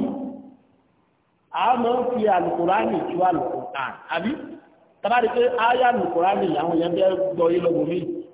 àwọn máa ń fi alukurani ju alukurani àbí tábàdí pé áyà alukurani àwọn yẹn bẹ́ẹ̀ gbọ́ yé lọ́gbọ̀n mi.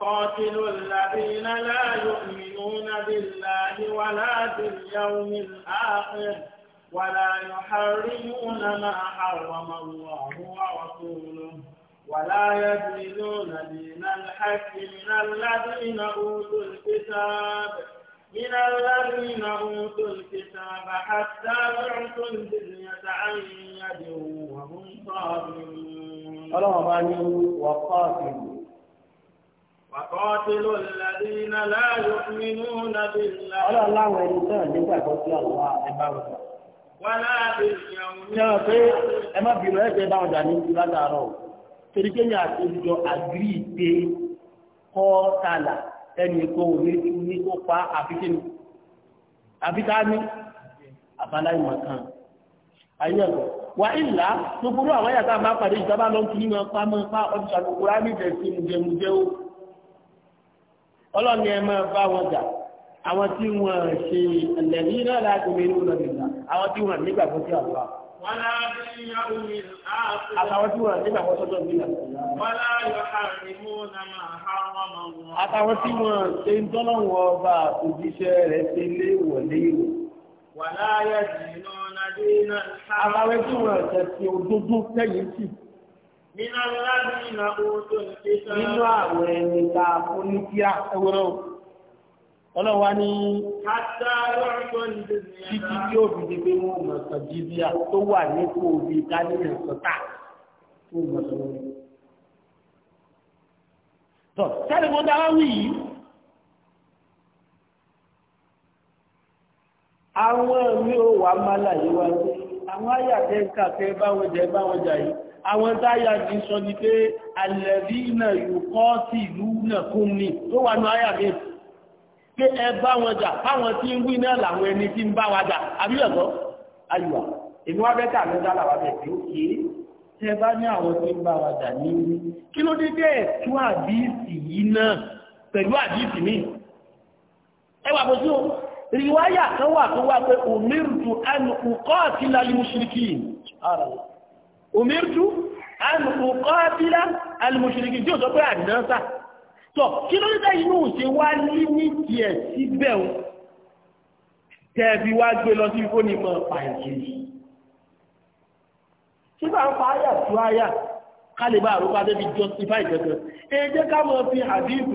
قاتلوا الذين لا يؤمنون بالله ولا باليوم الآخر ولا يحرمون ما حرم الله ورسوله ولا يدينون دين الحق من الذين أوتوا الكتاب من الذين أوتوا الكتاب حتى يعطوا الدنيا عن يد وهم صابرون. قال وقاتلوا Wàkọ́tílò lẹ́dínà láàyò nínú nàbí ńlá. Ọlọ́láwọ̀ ẹni tẹ́ nígbàgbọ́ sí àwọn ẹgbà wọn. Wọ́n láàbí ìyàwó. Ṣé o pé ẹ má bìrọ̀ ẹ̀fẹ́ bá wọn dà ní ìlú látàárọ̀? Torí pé ní àti ìjọ àgírí ìpè kọ́ tààlà ẹnì kan ní kó pa àfikínú. Àfitáni ní ọlọ́ni ẹ máa bá wọn jà àwọn tí wọ́n ṣe ẹ̀lẹ́bí náà láti mi nínú lọ́dìgbà àwọn tí wọ́n nígbà fún sí àlọ́ àtàwọn tí wọ́n nígbà fún sọ́jọ́ ìgbìlá àtàwọn tí wọ́n ṣe ń tọ́lọ́wọ́ ọba òjíṣẹ́ rẹ̀ ṣe àtàwọn tí wọ́n ṣe ti òdodo tẹ́yìn sí Nínú àwọn ẹni ta fún ní ẹwọ́rọ̀ ọlọ́wà ní títí tí ó fi di pé wọ́n mọ̀ sọ tó wà ní kò bí dánilẹ̀ sọ́tà tó Tọ́ yìí. Àwọn ò wà máa láyé àwọn àyàtẹ̀ ń báwọn jẹ báwọn jà yìí. àwọn táyà ní sọ ní pé alẹ́rìnà yòókọ́ sí ìlú náà kún ní tó wà ní àyà mi pé ẹ bá wọn jà fáwọn tí ń wí náà làwọn ẹni tí ń bá wa jà àbíyẹ̀kọ́ ayùwà èmi wá bẹ́ẹ̀ kàmí dá làwọn bẹ̀ tí ó kí tẹ bá ní àwọn tí ń bá wa jà ní wí kí ló dé bẹ́ẹ̀ tún àdíìsì yìí náà pẹ̀lú àdíìsì míì ẹ wà bójú ríwáyà kan wà tó wà pé òmìnirùtù ẹnu kọ́ àti láyé mú ṣíríkì ààrẹ umirtu an uqatila al-mushrikin tí ó sọ pé àdínánsà tọ̀ kí ló ní sẹ́yìn náà ṣe wá ní ní tiẹ̀ síbẹ̀ o tẹ́ẹ̀bí wá gbé lọ sí fóònù mọ́ pàìkiri síbà ń fa àyà tó àyà kálí bá àrùn pàdé bí justify kankan ẹ jẹ́ ká mọ̀ fi àdínkù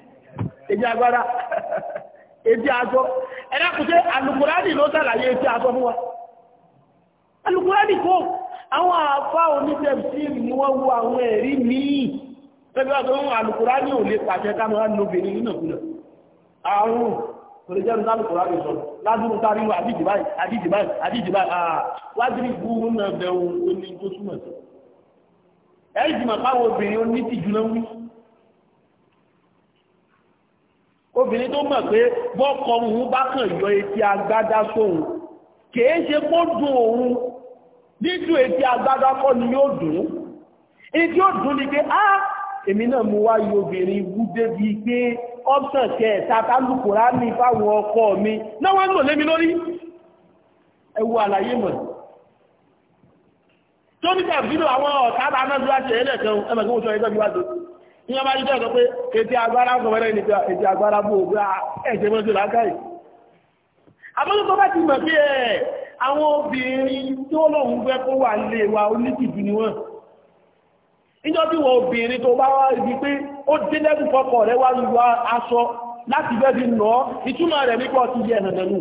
ebi agbára [laughs] ebi aṣọ ẹ̀dàkùnṣe alukurani ló sàlàyé ebi aṣọ fún wa alukurani kó àwọn àfá onítẹ̀síìrì ni wọ́n wo àwọn ẹ̀rí míì pẹ́gbẹ́ àti ohun alukurani ò lè pàṣẹ kámẹ́rà lóbìnrin nínú ìpínlẹ̀ àrùn kòrìjẹ́rù lálùkùránì sọ ládùúgbò tárí wà àdíjìbáyì àdíjìbáyì àdíjìbáyì àà wájú ìgbú náà bẹ̀rù oní tó súnmọ̀ sí ẹ̀ẹ́dìmọ̀ káwọn obìnrin ó ní tìjú náà wí obìnrin tó mọ̀ pé bọ́kọ òun bá kàn yọ etí agbádá sóhun kìí ṣe kó dùn òun dídùn etí agbádá kọ́ ni yóò dùn etí ó dùn ni pé á èmi náà mú wá yí obìnrin wú débi pé ọ́pṣàn kẹta tálùkùrá mi fáwọn ọkọ mi náà wọ́n ń lò lémi lórí ẹwú àlàyé mọ̀ tó ní kàbílò àwọn ọ̀tá bá náà bí wá ṣe ẹlẹ́kan ẹmẹ̀kí wọ́n sọ ẹgbẹ́ bí wá dòdò ní ọba jíjọ́ sọ pé ètí agbára kọ̀wẹ́rẹ́ nìkan ètí agbára bú ògbé ẹ̀jẹ̀ mọ́sí lákàáyì àbọ́lù tó bá ti mọ̀ pé ẹ̀ àwọn obìnrin tí ó lọ́hun fẹ́ kó wà lè wa oníkìjú ni wọ́n níjọ́ tí wọ́n obìnrin tó bá wá ibi pé ó dé lẹ́gùn fọ́kọ̀ rẹ̀ wá lu aṣọ láti fẹ́ fi nà ọ́ ìtumọ̀ rẹ̀ ní pọ̀ ti yẹ ẹ̀nà nù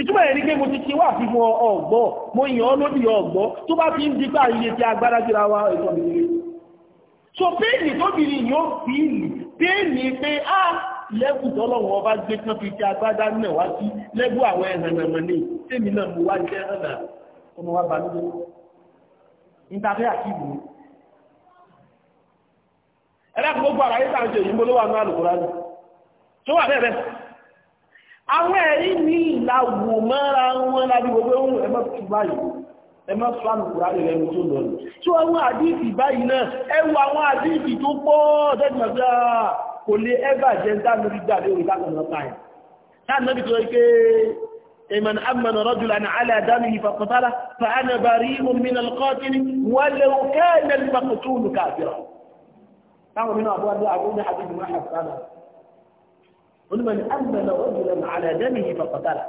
ìtumọ̀ rẹ̀ ní pé mo ti ṣe wà fi fún ọgbọ́ mo yàn ọ́ lóbi ọgbọ́ tó bá fi ń dípà iye ti agbára síra wa ìtọ́bìnrin so péènì tóbi ni yóò fi ìlú péènì pé á lẹ́bù tọ́lọ́wọ́ ọba gbé tán fi ti agbádá náà wá sí lẹ́bù àwọn ẹ̀hàn ẹ̀mọ̀ ní tèmi náà mo wá jẹ́ ẹ̀hàn náà ọmọ wa bá lóde nítafẹ́ àti ìlú ẹ̀rẹ́ gbogbo àrà yíta ń ṣe òyìnbó ló wà ní àlùkòrá ni tó wà bẹ́ẹ̀ àwọn ẹ̀rí ní ìlàwò mọ́ra wọn lábí gbogbo ẹ̀mọ́ tù ẹ má sọ àmì kùrá rẹ̀ lẹ́nu tó lọ rẹ̀ tí àwọn àdíìsì báyìí náà ẹ wo àwọn àdíìsì tó pọ̀ tẹ́tìmọ̀tà kò lè ẹ́bà jẹ́ dáàbí gbà lórí lákọ̀ọ́lọ́pàá yẹn táàbí tó ike من أمن رجلا على دمه فقتله فأنا بريء من القاتل ولو كان المقتول كافرا táwọn nínú àbúrò àdúrà àbúrò ní àbúrò ìmọ̀ àṣàlá onímọ̀ ní àgbẹ̀lẹ̀ ọ̀gbẹ̀lẹ̀ àlẹ́dẹ́mì yìí fàkọ̀tàlà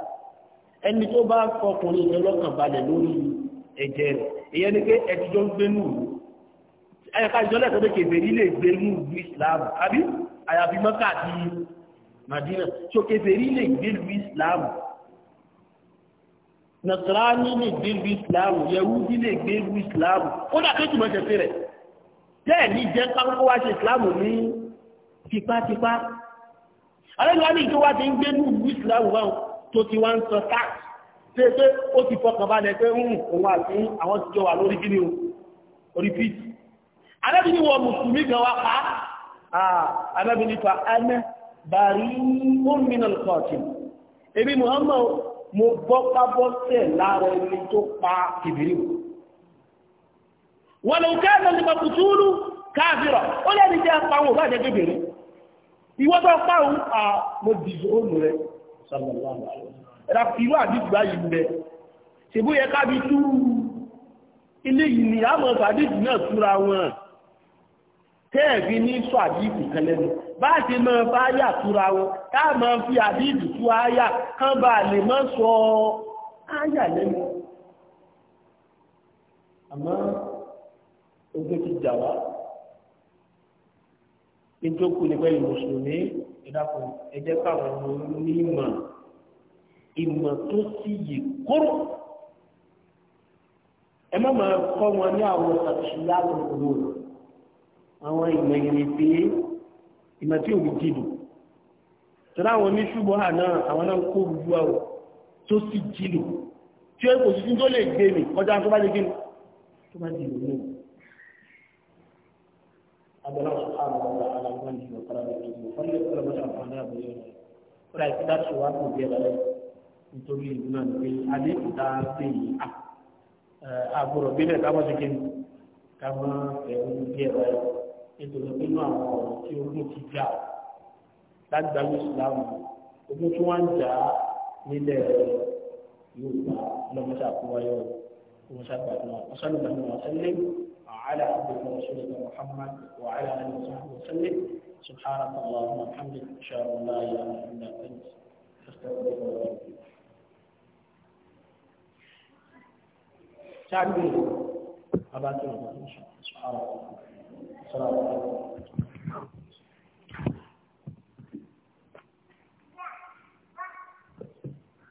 ẹni tó bá fọkùnrin rẹ̀ balẹ̀ lórí ẹ̀jẹ̀ rẹ̀ ìyẹn ni pé ẹ ti jọ ń gbé nù ẹ̀ka ìjọlẹ̀ tó kéèké bèrè lè gbé nù ìlú Islam àbí àyàfi Mọ́kà àti Madina tó kéèké bèrè lè gbé ìlú Islam Nasrani lè gbé ìlú Islam Yahudi lè gbé ìlú Islam ó dà tó túmọ̀ ṣẹ̀ṣẹ̀ rẹ̀ bẹ́ẹ̀ ni jẹ́ pápákọ́ wá ṣe Islam ní tipátipá alẹ́ ni wá ní ti ń gbé nù ìlú Islam wá tó ti wá ń sọ táàkì ṣe pé ó ti fọkàn balẹ̀ pé ń hmm, òun àti àwọn ti jọ wà lórí kí ni o orí pit anábì ni wọ mùsùlùmí gan wa pa anábì ah, ni fa ẹnẹ bàrí gómìnà kọ̀ọ̀tì èmi Muhammad mo bọ́ pábọ́sẹ̀ lára ẹni tó pa kìbìrì wọn lè kẹ́ ẹ̀sán ti pa kùtùrù káàfìrọ̀ ó lẹ́ni jẹ́ apáwọn òbá jẹ́ kébèrè ìwọ́n tó apáwọn àmọ́ ah, dìzó òmù rẹ̀ sallallahu alaihi ẹ̀dá irú àdìgbà yìí ń bẹ ṣèbó yẹ kábi tú ilé yìí ni àmọ́ sàdìgbì náà túra wọn tẹ́ẹ̀bí ní sọ àdìgbì kan lẹ́nu bá ṣe máa bá yà túra wọn ká máa fi àdìgbì tú àyà kán bá lè má sọ àyà lẹ́nu àmọ́ ogun ti jà wá nítorí kò ní pẹ́ ìmùsùlùmí ẹ̀dá kan ẹ̀jẹ̀ káwọn ọmọ onímọ̀ ìmọ̀ tó sì yè kóró ẹ má máa kọ́ wọn ní àwọn àṣìyá gbogbo àwọn ìmọ̀ ìrètè ìmọ̀ tí òun dìbò tọ́lá àwọn oníṣùgbọ́ àná àwọn náà kó rújú àwọ̀ tó sì jìnà tí ó kò sí tó lè gbé mi kọjá tó bá jẹ́ gínú tó bá jìnà náà abẹ́lá sùhánà ọ̀rọ̀ alágbọ́n ìjọ kọ́lá lọ́wọ́ ìjọ kọ́lá lọ́wọ́ ìjọ kọ́lá lọ́wọ́ ìjọ kọ́lá lọ́wọ́ ìjọ kọ́lá lọ́wọ́ ìjọ kọ́lá lọ́wọ́ ìjọ kọ́lá lọ́wọ́ ìjọ kọ́lá lọ́wọ́ ìjọ kọ́lá lọ́wọ́ ìjọ kọ́lá lọ́wọ́ ìjọ kọ́lá lọ́wọ́ ìjọ kọ́lá lọ́wọ́ ìjọ kọ́lá lọ́wọ́ ìjọ nítorí ìlú náà pé alẹ́ ìta ṣe yìí à àbúrò bílẹ̀ táwọn ṣe kí ni ká mọ́ ẹ̀rú bí ẹ̀rọ ẹ̀ nítorí pé inú àwọn ọ̀rọ̀ tí ogun ti jà lágbàáyé ìsìlámù ogun tí wọ́n ń jà nílẹ̀ Yorùbá lọ́mọṣà kó wáyé ọmọṣà gbàdúrà ọ̀sán ìgbàdúrà ọ̀sán lé وعلى عبدك ورسولك محمد وعلى اله وصحبه وسلم سبحانك اللهم وبحمدك اشهد ان لا اله الا انت استغفرك واتوب اليك تعبير أبا تنظر إن شاء الله سبحانه وتعالى